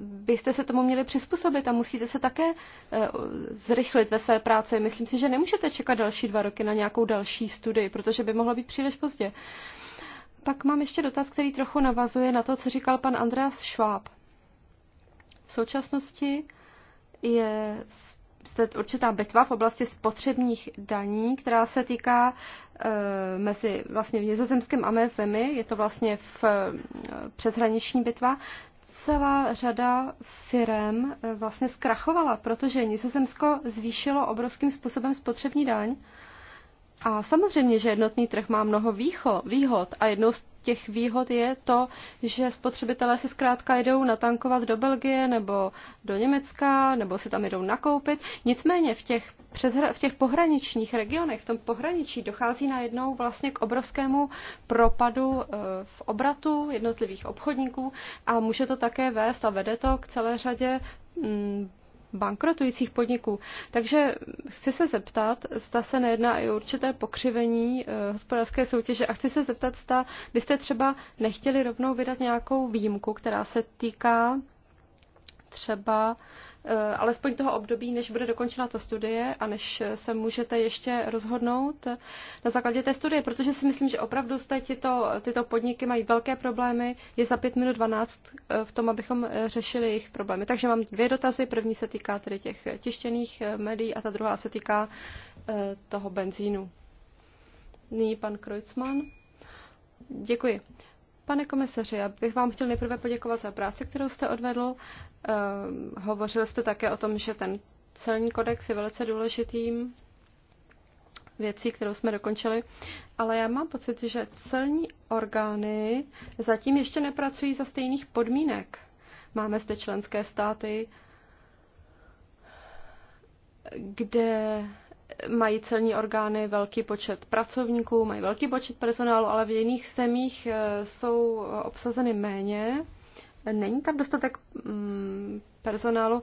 byste se tomu měli přizpůsobit a musíte se také eh, zrychlit ve své práci. Myslím si, že nemůžete čekat další dva roky na nějakou další studii, protože by mohlo být příliš pozdě. Pak mám ještě dotaz, který trochu navazuje na to, co říkal pan Andreas Schwab. V současnosti je zde určitá bitva v oblasti spotřebních daní, která se týká e, mezi vlastně v Nizozemském a mé zemi. Je to vlastně v, e, přeshraniční bitva. Celá řada firm e, eh, vlastně zkrachovala, protože Nizozemsko zvýšilo obrovským způsobem spotřební daň. E, a samozřejmě, že jednotný trh má mnoho výhod a jednou z těch výhod je to, že spotřebitelé si zkrátka jdou natankovat do Belgie nebo do Německa, nebo si tam jdou nakoupit. Nicméně v těch, přes, v těch pohraničních regionech, v tom pohraničí, dochází najednou vlastně k obrovskému propadu eh, v obratu jednotlivých obchodníků a může to také vést a vede to k celé řadě mm, bankrotujících podniků. Takže chci se zeptat, zda se nejedná i určité pokřivení eh, hospodářské soutěže a chci se zeptat, zda byste třeba nechtěli rovnou vydat nějakou výjimku, která se týká třeba Eh, alespoň toho období, než bude dokončena ta studie a než se můžete ještě rozhodnout na základě té studie, protože si myslím, že opravdu jste tyto, tyto podniky mají velké problémy. Je za 5 minut 12 eh, v tom, abychom eh, řešili jejich problémy. Takže mám dvě dotazy. První se týká tedy těch tištěných médií a ta druhá se týká toho benzínu. Nyní pan Kreutzmann. Děkuji. Pane komisaři, já bych vám chtěl nejprve poděkovat za práci, kterou jste odvedl. Uh, hovořil jste také o tom, že ten celní kodex je velice důležitým věcí, kterou jsme dokončili, ale já mám pocit, že celní orgány zatím ještě nepracují za stejných podmínek. Máme zde členské státy, kde mají celní orgány velký počet pracovníků, mají velký počet personálu, ale v jiných zemích eh, jsou obsazeny méně. Není tam dostatek mm, personálu.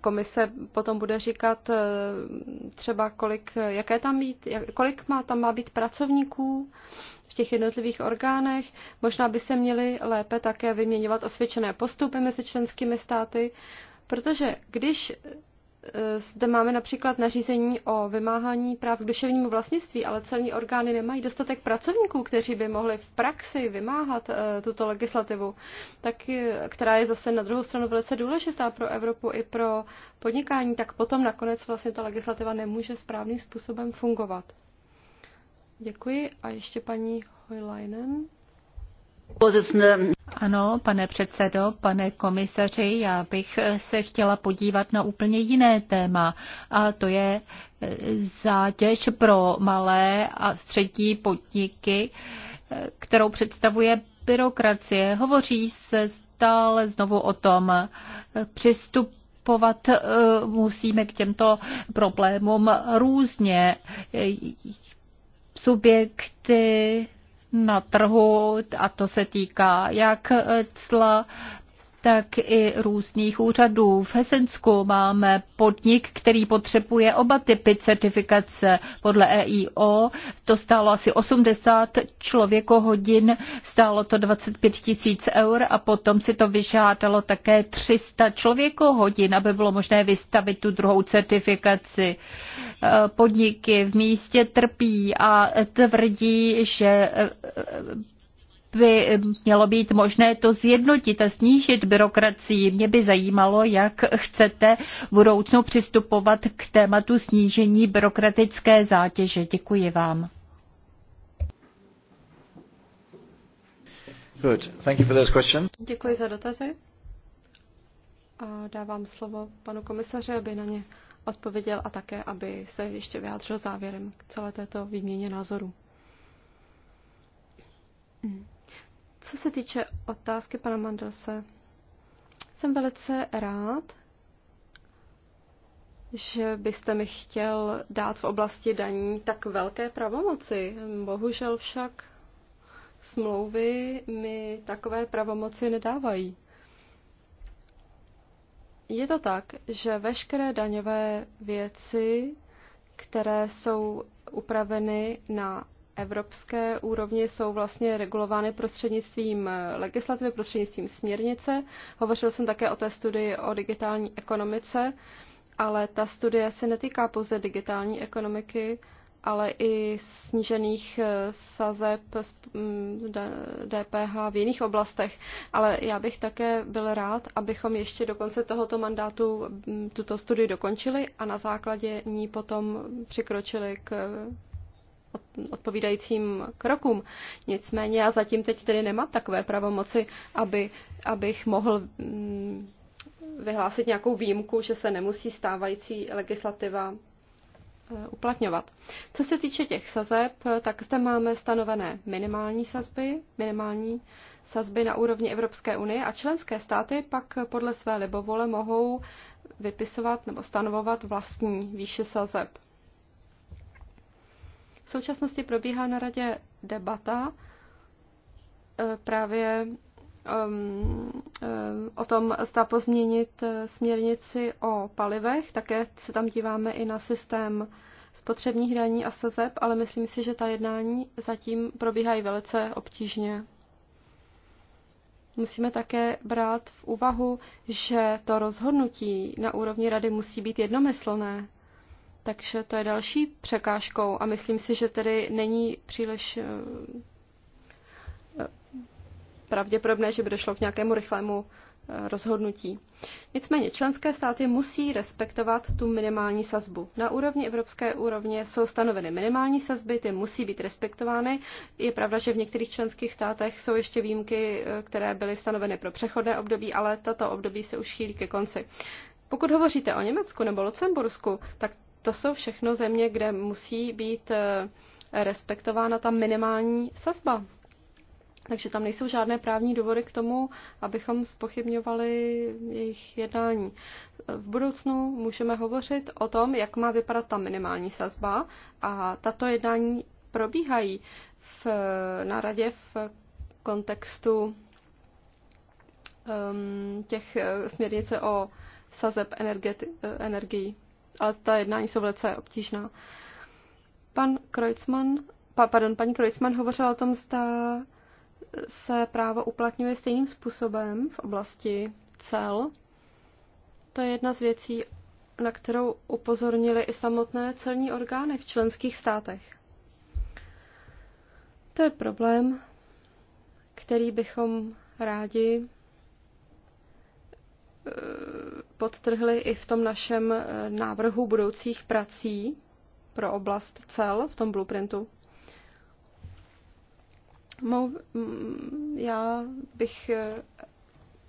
Komise potom bude říkat eh, třeba, kolik, jaké tam být, kolik má, tam má být pracovníků v těch jednotlivých orgánech. Možná by se měly lépe také vyměňovat osvědčené postupy mezi členskými státy, protože když zde máme například nařízení o vymáhání práv k duševnímu vlastnictví, ale celní orgány nemají dostatek pracovníků, kteří by mohli v praxi vymáhat eh, tuto legislativu, tak, eh, která je zase na druhou stranu velice důležitá pro Evropu i pro podnikání, tak potom nakonec vlastně ta legislativa nemůže správným způsobem fungovat. Děkuji a ještě paní Hojleinen. Ano, pane předsedo, pane komisaři, já bych se chtěla podívat na úplně jiné téma a to je e, zátěž pro malé a střední podniky, e, kterou představuje byrokracie. Hovoří se stále znovu o tom přistup e, přistupovat musíme k těmto problémům různě. Subjekty na trhu a to se týká jak cla, tak i různých úřadů. V Hesensku máme podnik, který potřebuje oba typy certifikace podle EIO. To stálo asi 80 člověkohodin, stálo to 25 tisíc eur a potom si to vyžádalo také 300 člověkohodin, aby bylo možné vystavit tu druhou certifikaci. E, podniky v místě trpí a tvrdí, že e, by eh, mělo být možné to zjednotit a snížit byrokracii. Mě by zajímalo, jak chcete v budoucnu přistupovat k tématu snížení byrokratické zátěže. Děkuji vám. Good. Thank you for those questions. Děkuji za dotazy. A dávám slovo panu komisaři, aby na ně odpověděl a také, aby se ještě vyjádřil závěrem k celé této výměně názorů. Mm. Co se týče otázky pana Mandelse, jsem velice rád, že byste mi chtěl dát v oblasti daní tak velké pravomoci. Bohužel však smlouvy mi takové pravomoci nedávají. Je to tak, že veškeré daňové věci, které jsou upraveny na evropské úrovni jsou vlastně regulovány prostřednictvím eh, legislativy, prostřednictvím směrnice. Hovořil jsem také o té studii o digitální ekonomice, ale ta studie se netýká pouze digitální ekonomiky, ale i snížených eh, sazeb mm, DPH v jiných oblastech. Ale já bych také byl rád, abychom ještě do konce tohoto mandátu mm, tuto studii dokončili a na základě ní potom přikročili k odpovídajícím krokům. Nicméně já zatím teď tedy nemám takové pravomoci, aby, abych mohl mm, vyhlásit nějakou výjimku, že se nemusí stávající legislativa e, uplatňovat. Co se týče těch sazeb, tak zde máme stanovené minimální sazby, minimální sazby na úrovni Evropské unie a členské státy pak podle své libovole mohou vypisovat nebo stanovovat vlastní výše sazeb. V současnosti probíhá na radě debata e, právě um, e, o tom, zda pozměnit e, směrnici o palivech. Také se tam díváme i na systém spotřebních daní a sazeb, ale myslím si, že ta jednání zatím probíhají velice obtížně. Musíme také brát v úvahu, že to rozhodnutí na úrovni rady musí být jednomyslné. Takže to je další překážkou a myslím si, že tedy není příliš eh, eh, pravděpodobné, že by došlo k nějakému rychlému eh, rozhodnutí. Nicméně členské státy musí respektovat tu minimální sazbu. Na úrovni evropské úrovně jsou stanoveny minimální sazby, ty musí být respektovány. Je pravda, že v některých členských státech jsou ještě výjimky, které byly stanoveny pro přechodné období, ale tato období se už chýlí ke konci. Pokud hovoříte o Německu nebo Lucembursku, tak to jsou všechno země, kde musí být eh, respektována ta minimální sazba. Takže tam nejsou žádné právní důvody k tomu, abychom spochybňovali jejich jednání. V budoucnu můžeme hovořit o tom, jak má vypadat ta minimální sazba a tato jednání probíhají v, na radě v kontextu um, těch eh, směrnice o sazeb energeti, eh, energií ale ta jednání jsou velice obtížná. Pan Kreutzmann, pa, pardon, paní Kreutzmann hovořila o tom, zda se právo uplatňuje stejným způsobem v oblasti cel. To je jedna z věcí, na kterou upozornili i samotné celní orgány v členských státech. To je problém, který bychom rádi eh, podtrhli i v tom našem eh, návrhu budoucích prací pro oblast cel v tom blueprintu. Mou, mm, já bych eh,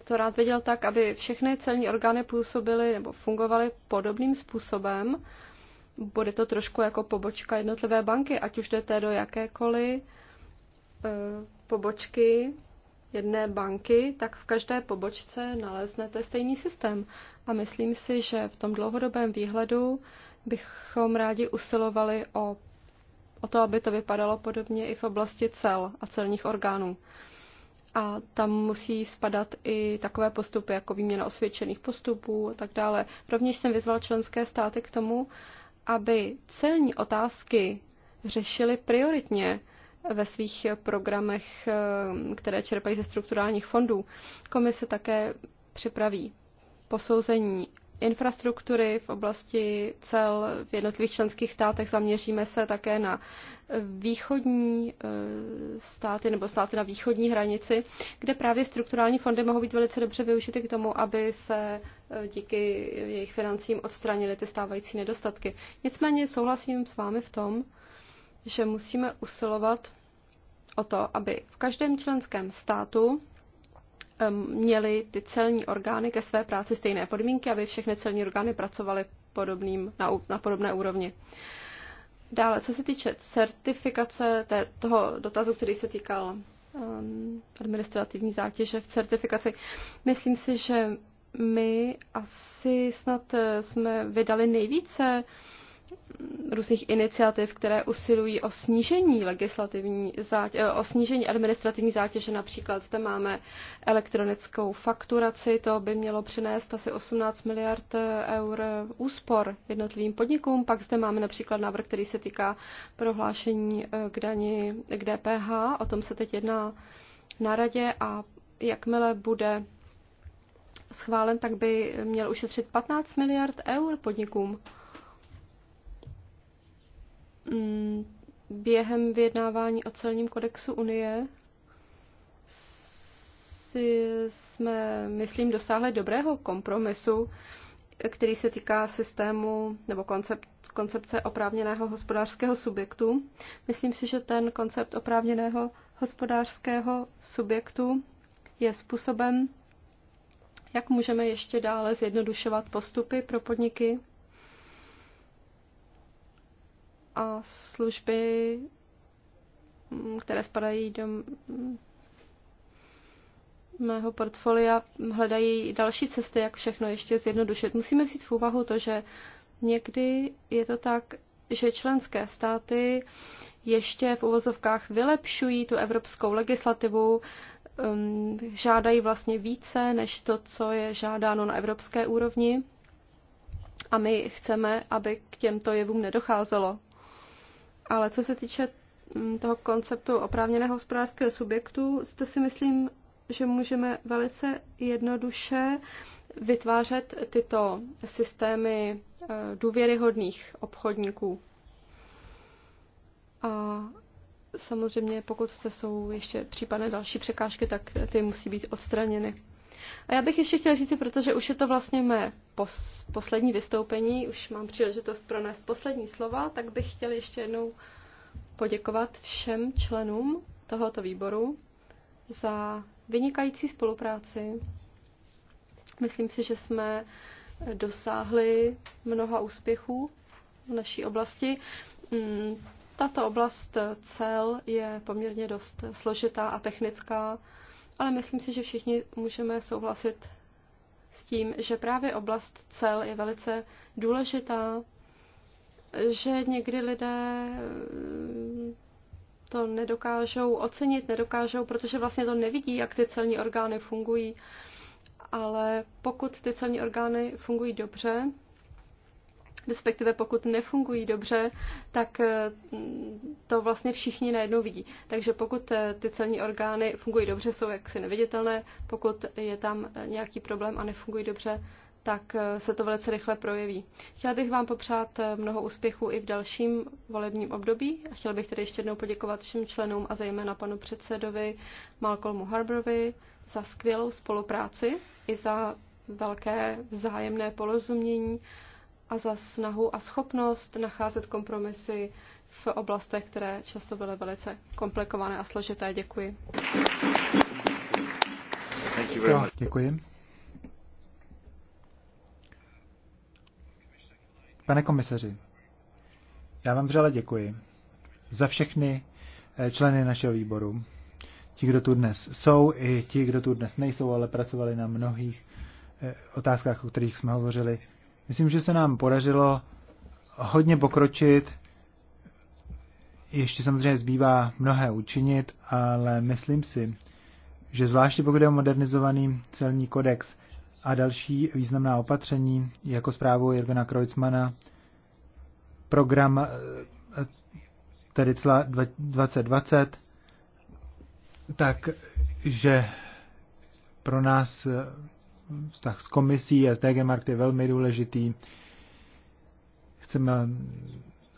to rád věděl tak, aby všechny celní orgány působily nebo fungovaly podobným způsobem. Bude to trošku jako pobočka jednotlivé banky, ať už jdete do jakékoliv eh, pobočky jedné banky, tak v každé pobočce naleznete stejný systém. A myslím si, že v tom dlouhodobém výhledu bychom rádi usilovali o, o to, aby to vypadalo podobně i v oblasti cel a celních orgánů. A tam musí spadat i takové postupy, jako výměna osvědčených postupů a tak dále. Rovněž jsem vyzval členské státy k tomu, aby celní otázky řešili prioritně, ve svých programech, eh, které čerpají ze strukturálních fondů. Komise také připraví posouzení infrastruktury v oblasti cel v jednotlivých členských státech. Zaměříme se také na východní eh, státy nebo státy na východní hranici, kde právě strukturální fondy mohou být velice dobře využity k tomu, aby se eh, díky jejich financím odstranily ty stávající nedostatky. Nicméně souhlasím s vámi v tom, že musíme usilovat o to, aby v každém členském státu měly ty celní orgány ke své práci stejné podmínky, aby všechny celní orgány pracovaly podobným, na, na podobné úrovni. Dále, co se týče certifikace té, toho dotazu, který se týkal um, administrativní zátěže v certifikaci, myslím si, že my asi snad eh, jsme vydali nejvíce uh, různých iniciativ, které usilují o snížení legislativní zátěže, eh, o snížení administrativní zátěže. Například zde máme elektronickou fakturaci, to by mělo přinést asi 18 miliard eh, eur úspor jednotlivým podnikům. Pak zde máme například návrh, který se týká prohlášení eh, k dani k DPH, o tom se teď jedná na radě a jakmile bude schválen, tak by měl ušetřit 15 miliard eur podnikům. Mm, během vyjednávání o celním kodexu Unie si jsme, myslím, dosáhli dobrého kompromisu, který se týká systému nebo koncept, koncepce oprávněného hospodářského subjektu. Myslím si, že ten koncept oprávněného hospodářského subjektu je způsobem, jak můžeme ještě dále zjednodušovat postupy pro podniky a služby, mm, které spadají do mého portfolia, hledají další cesty, jak všechno ještě zjednodušit. Musíme vzít v úvahu to, že někdy je to tak, že členské státy ještě v uvozovkách vylepšují tu evropskou legislativu, um, žádají vlastně více než to, co je žádáno na evropské úrovni. A my chceme, aby k těmto jevům nedocházelo. Ale co se týče mm, toho konceptu oprávněného hospodářského subjektu, to si myslím, že můžeme velice jednoduše vytvářet tyto systémy eh, důvěryhodných obchodníků. A samozřejmě, pokud se jsou ještě případné další překážky, tak ty musí být odstraněny. A já bych ještě chtěla říct, protože už je to vlastně mé pos- poslední vystoupení, už mám příležitost pronést poslední slova, tak bych chtěla ještě jednou poděkovat všem členům tohoto výboru za vynikající spolupráci. Myslím si, že jsme dosáhli mnoha úspěchů v naší oblasti. Mm, tato oblast cel je poměrně dost složitá a technická ale myslím si, že všichni můžeme souhlasit s tím, že právě oblast cel je velice důležitá, že někdy lidé eh, to nedokážou ocenit, nedokážou, protože vlastně to nevidí, jak ty celní orgány fungují. Ale pokud ty celní orgány fungují dobře, respektive pokud nefungují dobře, tak eh, to vlastně všichni najednou vidí. Takže pokud eh, ty celní orgány fungují dobře, jsou jaksi neviditelné, pokud je tam eh, nějaký problém a nefungují dobře, tak se to velice rychle projeví. Chtěla bych vám popřát mnoho úspěchů i v dalším volebním období a chtěla bych tedy ještě jednou poděkovat všem členům a zejména panu předsedovi Malcolmu Harborovi za skvělou spolupráci i za velké vzájemné porozumění a za snahu a schopnost nacházet kompromisy v oblastech, které často byly velice komplikované a složité. Děkuji. Děkuji. Pane komisaři, já vám vřele děkuji za všechny eh, členy našeho výboru. Ti, kdo tu dnes jsou, i ti, kdo tu dnes nejsou, ale pracovali na mnohých eh, otázkách, o kterých jsme hovořili Myslím, že se nám podařilo hodně pokročit. Ještě samozřejmě zbývá mnohé učinit, ale myslím si, že zvláště pokud je o modernizovaný celní kodex a další významná opatření, jako zprávu Jirgena Kreuzmana, program eh, tedy cla 2020, tak že pro nás eh, vztah s komisí a s DG je velmi důležitý. Chceme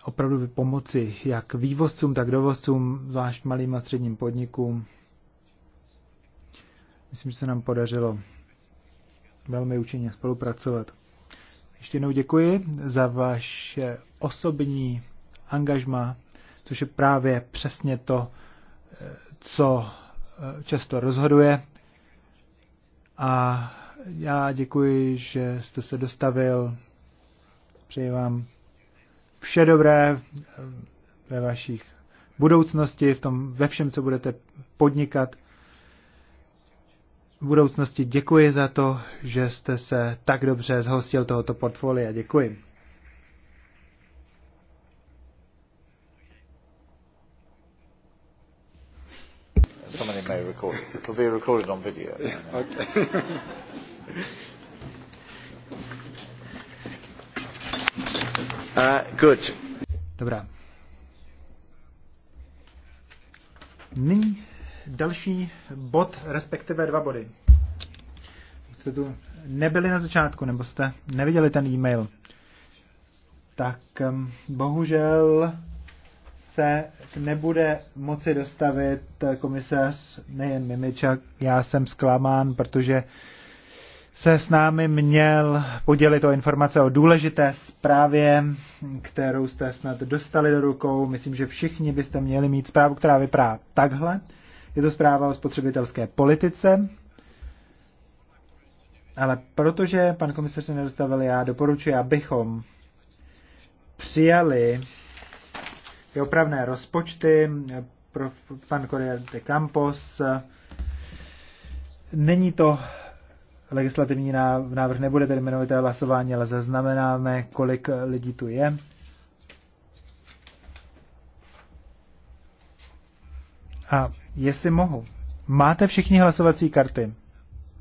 opravdu pomoci jak vývozcům, tak dovozcům, zvlášť malým a středním podnikům. Myslím, že se nám podařilo velmi účinně spolupracovat. Ještě jednou děkuji za vaše osobní angažma, což je právě přesně to, co eh, často rozhoduje. A já děkuji, že jste se dostavil. Přeji vám vše dobré eh, ve vašich budoucnosti, v tom, ve všem, co budete podnikat. V budoucnosti děkuji za to, že jste se tak dobře zhostil tohoto portfolia. Děkuji. somebody may record It'll be recorded on video. okay. Uh, good. Dobrá. Nyní další bod, respektive dva body. Jste tu nebyli na začátku, nebo jste neviděli ten e-mail, tak um, bohužel se nebude moci dostavit komisař nejen Mimičak. Já jsem zklamán, protože se s námi měl podělit o informace o důležité zprávě, kterou jste snad dostali do rukou. Myslím, že všichni byste měli mít zprávu, která vypadá takhle. Je to zpráva o spotřebitelské politice. Ale protože pan komisař se nedostavil, já doporučuji, abychom přijali ty opravné rozpočty pro pan Correa de Campos. Není to legislativní návrh nebude tedy jmenovité hlasování, ale zaznamenáme, kolik lidí tu je. A jestli mohu, máte všichni hlasovací karty?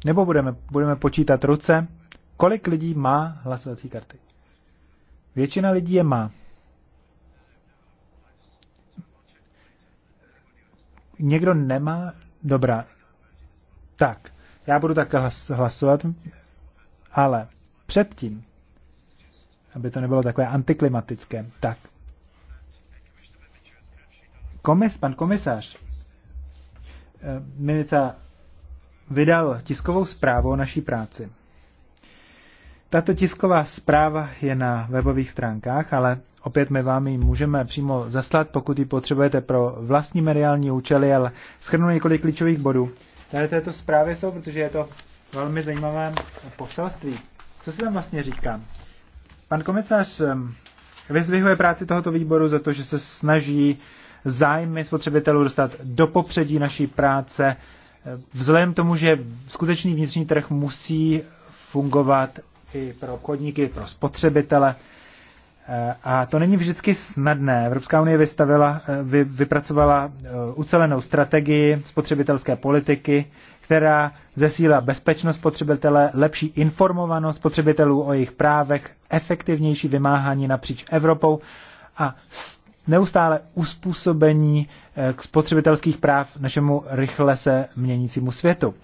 Nebo budeme, budeme počítat ruce? Kolik lidí má hlasovací karty? Většina lidí je má. Někdo nemá? Dobrá. Tak. Já budu tak hlasovat, ale předtím, aby to nebylo takové antiklimatické, tak komis, pan komisař eh, Minica vydal tiskovou zprávu o naší práci. Tato tisková zpráva je na webových stránkách, ale opět my vám ji můžeme přímo zaslat, pokud ji potřebujete pro vlastní mediální účely, ale schrnu několik klíčových bodů, tady této zprávě jsou, protože je to velmi zajímavé poselství. Co se tam vlastně říká? Pan komisař vyzdvihuje práci tohoto výboru za to, že se snaží zájmy spotřebitelů dostat do popředí naší práce, vzhledem tomu, že skutečný vnitřní trh musí fungovat i pro obchodníky, pro spotřebitele, a to není vždycky snadné. Evropská unie vystavila, vy, vypracovala e, ucelenou strategii spotřebitelské politiky, která zesílá bezpečnost spotřebitele, lepší informovanost spotřebitelů o jejich právech, efektivnější vymáhání napříč Evropou a neustále uspůsobení e, k spotřebitelských práv našemu rychle se měnícímu světu.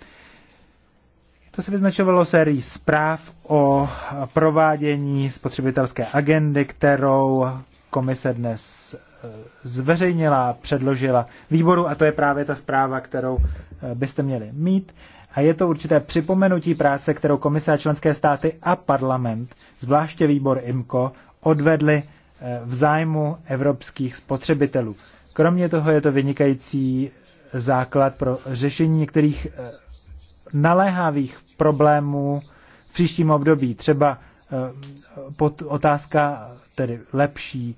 To se vyznačovalo sérií zpráv o provádění spotřebitelské agendy, kterou komise dnes eh, zveřejnila, předložila výboru a to je právě ta zpráva, kterou eh, byste měli mít. A je to určité připomenutí práce, kterou komise a členské státy a parlament, zvláště výbor IMCO, odvedli eh, v zájmu evropských spotřebitelů. Kromě toho je to vynikající základ pro řešení některých naléhavých problémů v příštím období. Třeba eh, pod otázka tedy lepšího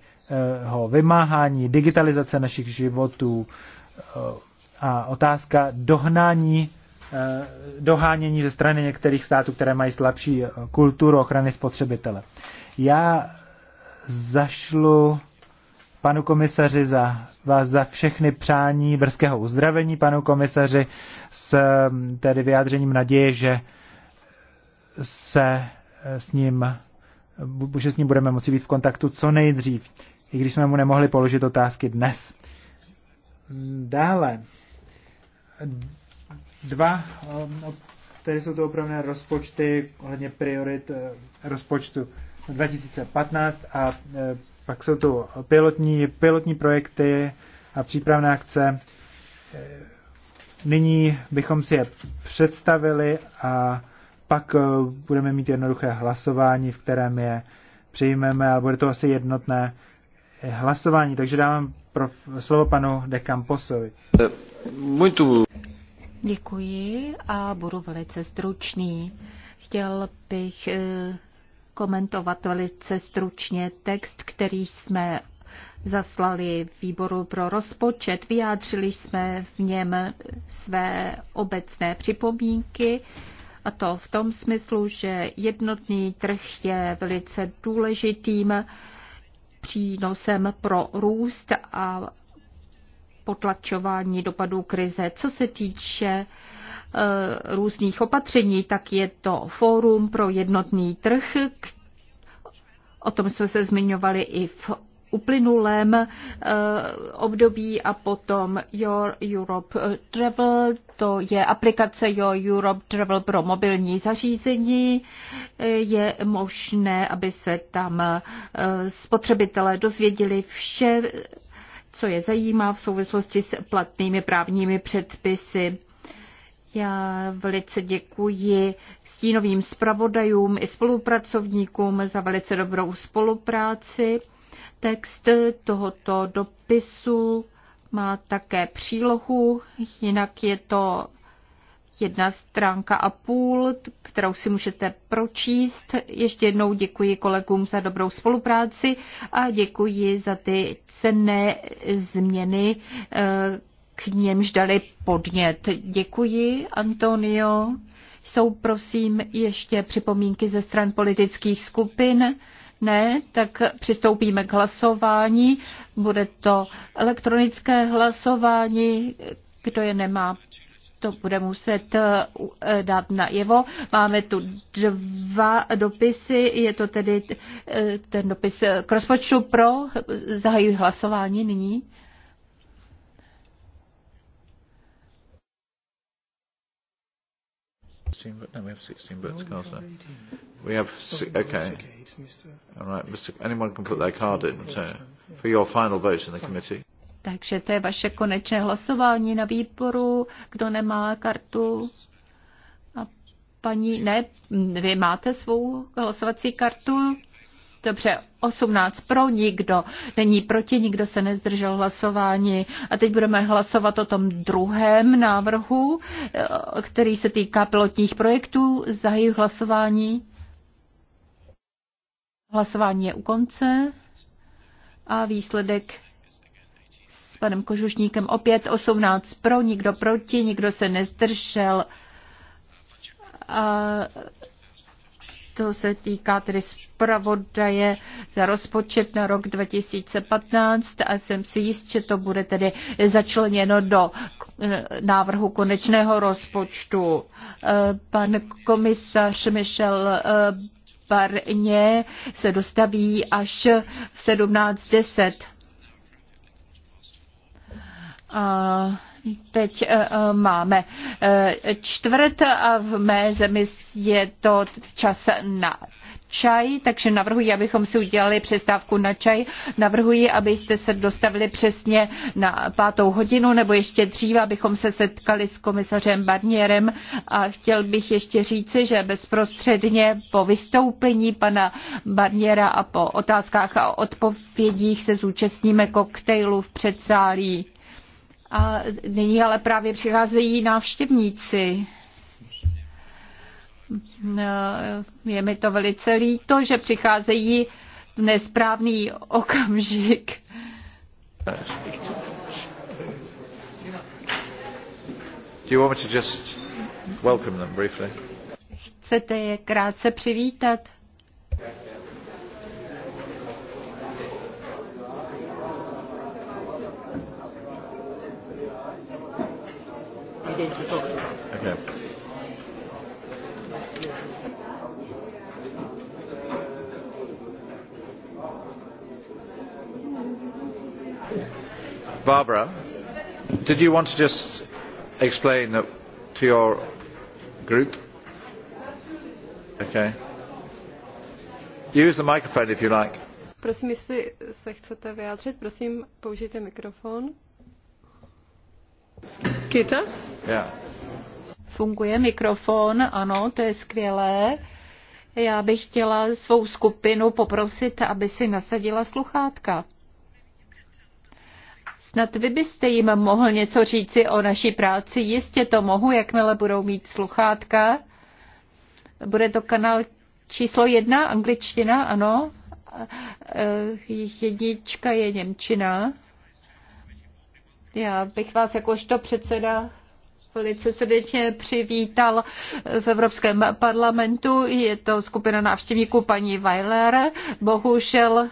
eh, vymáhání, digitalizace našich životů eh, a otázka dohnání, dohánění ze strany některých států, které mají slabší kulturu ochrany spotřebitele. Já zašlu panu komisaři za vás za všechny přání brzkého uzdravení, panu komisaři, s tedy vyjádřením naděje, že se e, s ním, že s ním budeme moci být v kontaktu co nejdřív, i když jsme mu nemohli položit otázky dnes. Dále, dva, e, tady jsou to opravné rozpočty ohledně priorit e, rozpočtu 2015 a pak jsou to pilotní, pilotní projekty a přípravné akce. Nyní bychom si je představili a pak eh, budeme mít jednoduché hlasování, v kterém je přijmeme, ale bude to asi jednotné hlasování. Takže dávám pro, slovo panu De Camposovi. Děkuji a budu velice stručný. Chtěl bych eh, komentovat velice stručně text, který jsme zaslali výboru pro rozpočet. Vyjádřili jsme v něm své obecné připomínky. A to v tom smyslu, že jednotný trh je velice důležitým přínosem pro růst a potlačování dopadů krize. Co se týče uh, Eh, různých opatření, tak je to Fórum pro jednotný trh. O tom jsme se zmiňovali i v uplynulém eh, období a potom Your Europe Travel, to je aplikace Your Europe Travel pro mobilní zařízení. Eh, je možné, aby se tam spotřebitelé dozvěděli vše, co je zajímá v souvislosti s platnými právními předpisy. Já velice děkuji stínovým zpravodajům i spolupracovníkům za velice dobrou spolupráci. Text tohoto dopisu má také přílohu, jinak je to jedna stránka a půl, kterou si můžete pročíst. Ještě jednou děkuji kolegům za dobrou spolupráci a děkuji za ty cenné změny, eh, k němž dali podnět. Děkuji, Antonio. Jsou prosím ještě připomínky ze stran politických skupin? Ne, tak přistoupíme k hlasování. Bude to elektronické hlasování. Kdo je nemá, to bude muset eh, eh, dát na jevo. Máme tu dva dopisy, je to tedy eh, ten dopis k rozpočtu pro, zahajuji hlasování nyní. 16, but no, we have 16 votes no, cards now. We have, si- okay. All right, Mr. anyone can put their card in so, for your final vote in the committee. Takže to je vaše konečné hlasování na výboru. Kdo nemá kartu? A paní, ne, vy máte svou hlasovací kartu? Dobře, 18 pro, nikdo není proti, nikdo se nezdržel hlasování. A teď budeme hlasovat o tom druhém návrhu, eh, který se týká pilotních projektů. Zahajuji hlasování. Hlasování je u konce a výsledek s panem Kožušníkem opět 18 pro, nikdo proti, nikdo se nezdržel. A to se týká tedy zpravodaje za rozpočet na rok 2015 a jsem si jist, že to bude tedy začleněno do návrhu konečného rozpočtu. Pan komisař Michel Barně se dostaví až v 17.10. Teď eh, eh, máme eh, čtvrt a v mé zemi je to čas na čaj, takže navrhuji, abychom si udělali přestávku na čaj. Navrhuji, abyste se dostavili přesně na pátou hodinu nebo ještě dříve, abychom se setkali s komisařem Barnierem a chtěl bych ještě říci, že bezprostředně po vystoupení pana Barniera a po otázkách a odpovědích se zúčastníme koktejlu v předsálí. A nyní ale právě přicházejí návštěvníci. No, je mi to velice líto, že přicházejí v nesprávný okamžik. Do you want me to just welcome them briefly? Chcete je krátce přivítat? Okay. Barbara, did you want to just explain to your group? Okay. Use the microphone if you like. Prosím, jestli se chcete vyjádřit, prosím, použijte mikrofon. Geht das? Ja. Funguje mikrofon, ano, to je skvělé. Já bych chtěla svou skupinu poprosit, aby si nasadila sluchátka. Snad vy byste jim mohl něco říci o naší práci. Jistě to mohu, jakmile budou mít sluchátka. Bude to kanál číslo jedna, angličtina, ano. E, Jednička je němčina. Já bych vás jakožto předseda velice srdečně přivítal v Evropském parlamentu. Je to skupina návštěvníků paní Weiler. Bohužel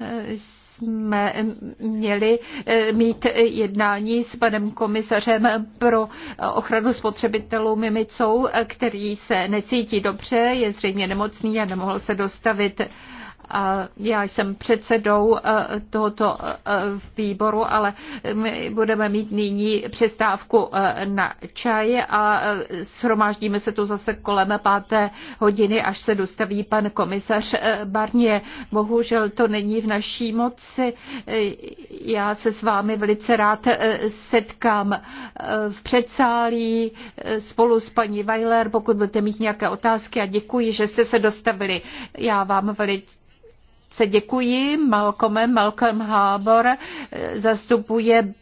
eh, jsme měli eh, mít jednání s panem komisařem pro ochranu spotřebitelů Mimicou, eh, který se necítí dobře, je zřejmě nemocný a nemohl se dostavit já jsem předsedou eh, tohoto eh, výboru, ale my budeme mít nyní přestávku eh, na čaj a shromáždíme se tu zase kolem páté hodiny, až se dostaví pan komisař Barnier. Bohužel to není v naší moci. Já se s vámi velice rád setkám v předsálí spolu s paní Weiler, pokud budete mít nějaké otázky a děkuji, že jste se dostavili. Já vám velice krátce děkuji. Malcolm, Malcolm Harbour zastupuje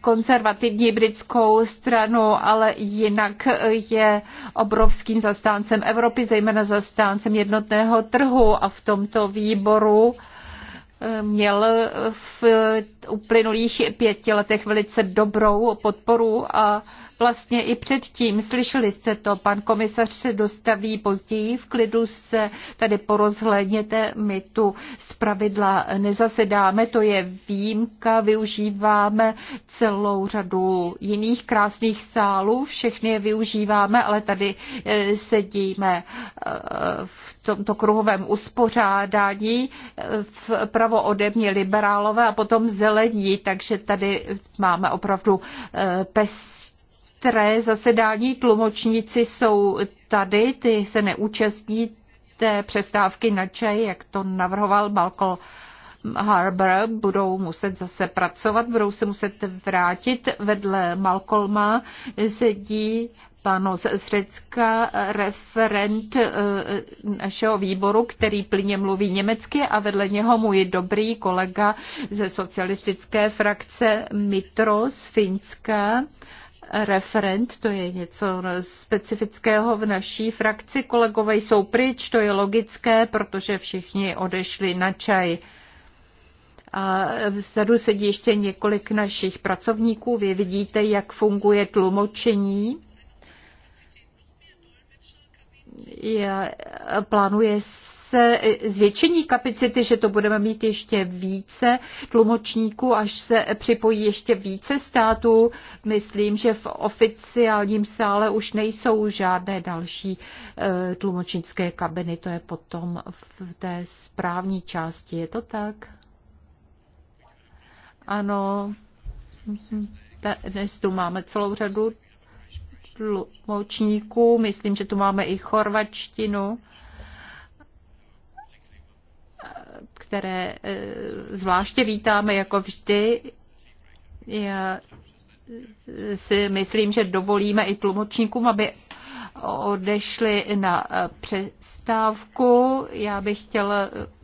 konzervativní britskou stranu, ale jinak je obrovským zastáncem Evropy, zejména zastáncem jednotného trhu a v tomto výboru eh, měl v uplynulých pěti letech velice dobrou podporu a vlastně i předtím. Slyšeli jste to, pan komisař se dostaví později, v klidu se tady porozhlédněte, my tu pravidla nezasedáme, to je výjimka, využíváme celou řadu jiných krásných sálů, všechny je využíváme, ale tady eh, sedíme eh, v tomto kruhovém uspořádání eh, vpravo ode mě liberálové a potom zelení, takže tady máme opravdu pes které zasedání tlumočníci jsou tady, ty se neúčastní té přestávky na čaj, jak to navrhoval Balko Harbour, budou muset zase pracovat, budou se muset vrátit. Vedle Malcolma sedí pan z Řecka, referent eh, našeho výboru, který plně mluví německy a vedle něho můj dobrý kolega ze socialistické frakce Mitro z Finska referent, to je něco specifického v naší frakci. Kolegové jsou pryč, to je logické, protože všichni odešli na čaj. A vzadu sedí ještě několik našich pracovníků. Vy vidíte, jak funguje tlumočení. Je, plánuje se eh, zvětšení kapacity, že to budeme mít ještě více tlumočníků, až se připojí ještě více států. Myslím, že v oficiálním sále už nejsou žádné další eh, tlumočnické kabiny. To je potom v té správní části. Je to tak? Ano. Mhm. Dnes tu máme celou řadu tlumočníků. Myslím, že tu máme i chorvačtinu. které eh, zvláště vítáme jako vždy. Já eh, si myslím, že dovolíme i tlumočníkům, aby odešli na eh, přestávku. Já bych chtěl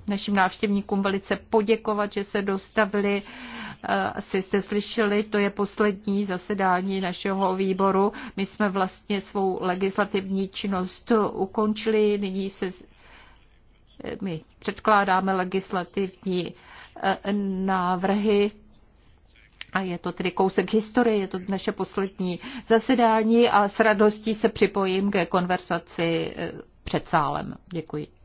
našim návštěvníkům velice poděkovat, že se dostavili. Asi jste slyšeli, to je poslední zasedání našeho výboru. My jsme vlastně svou legislativní činnost ukončili, nyní se my předkládáme legislativní eh, návrhy a je to tedy kousek historie, je to naše poslední zasedání a s radostí se připojím ke konversaci eh, před sálem. Děkuji.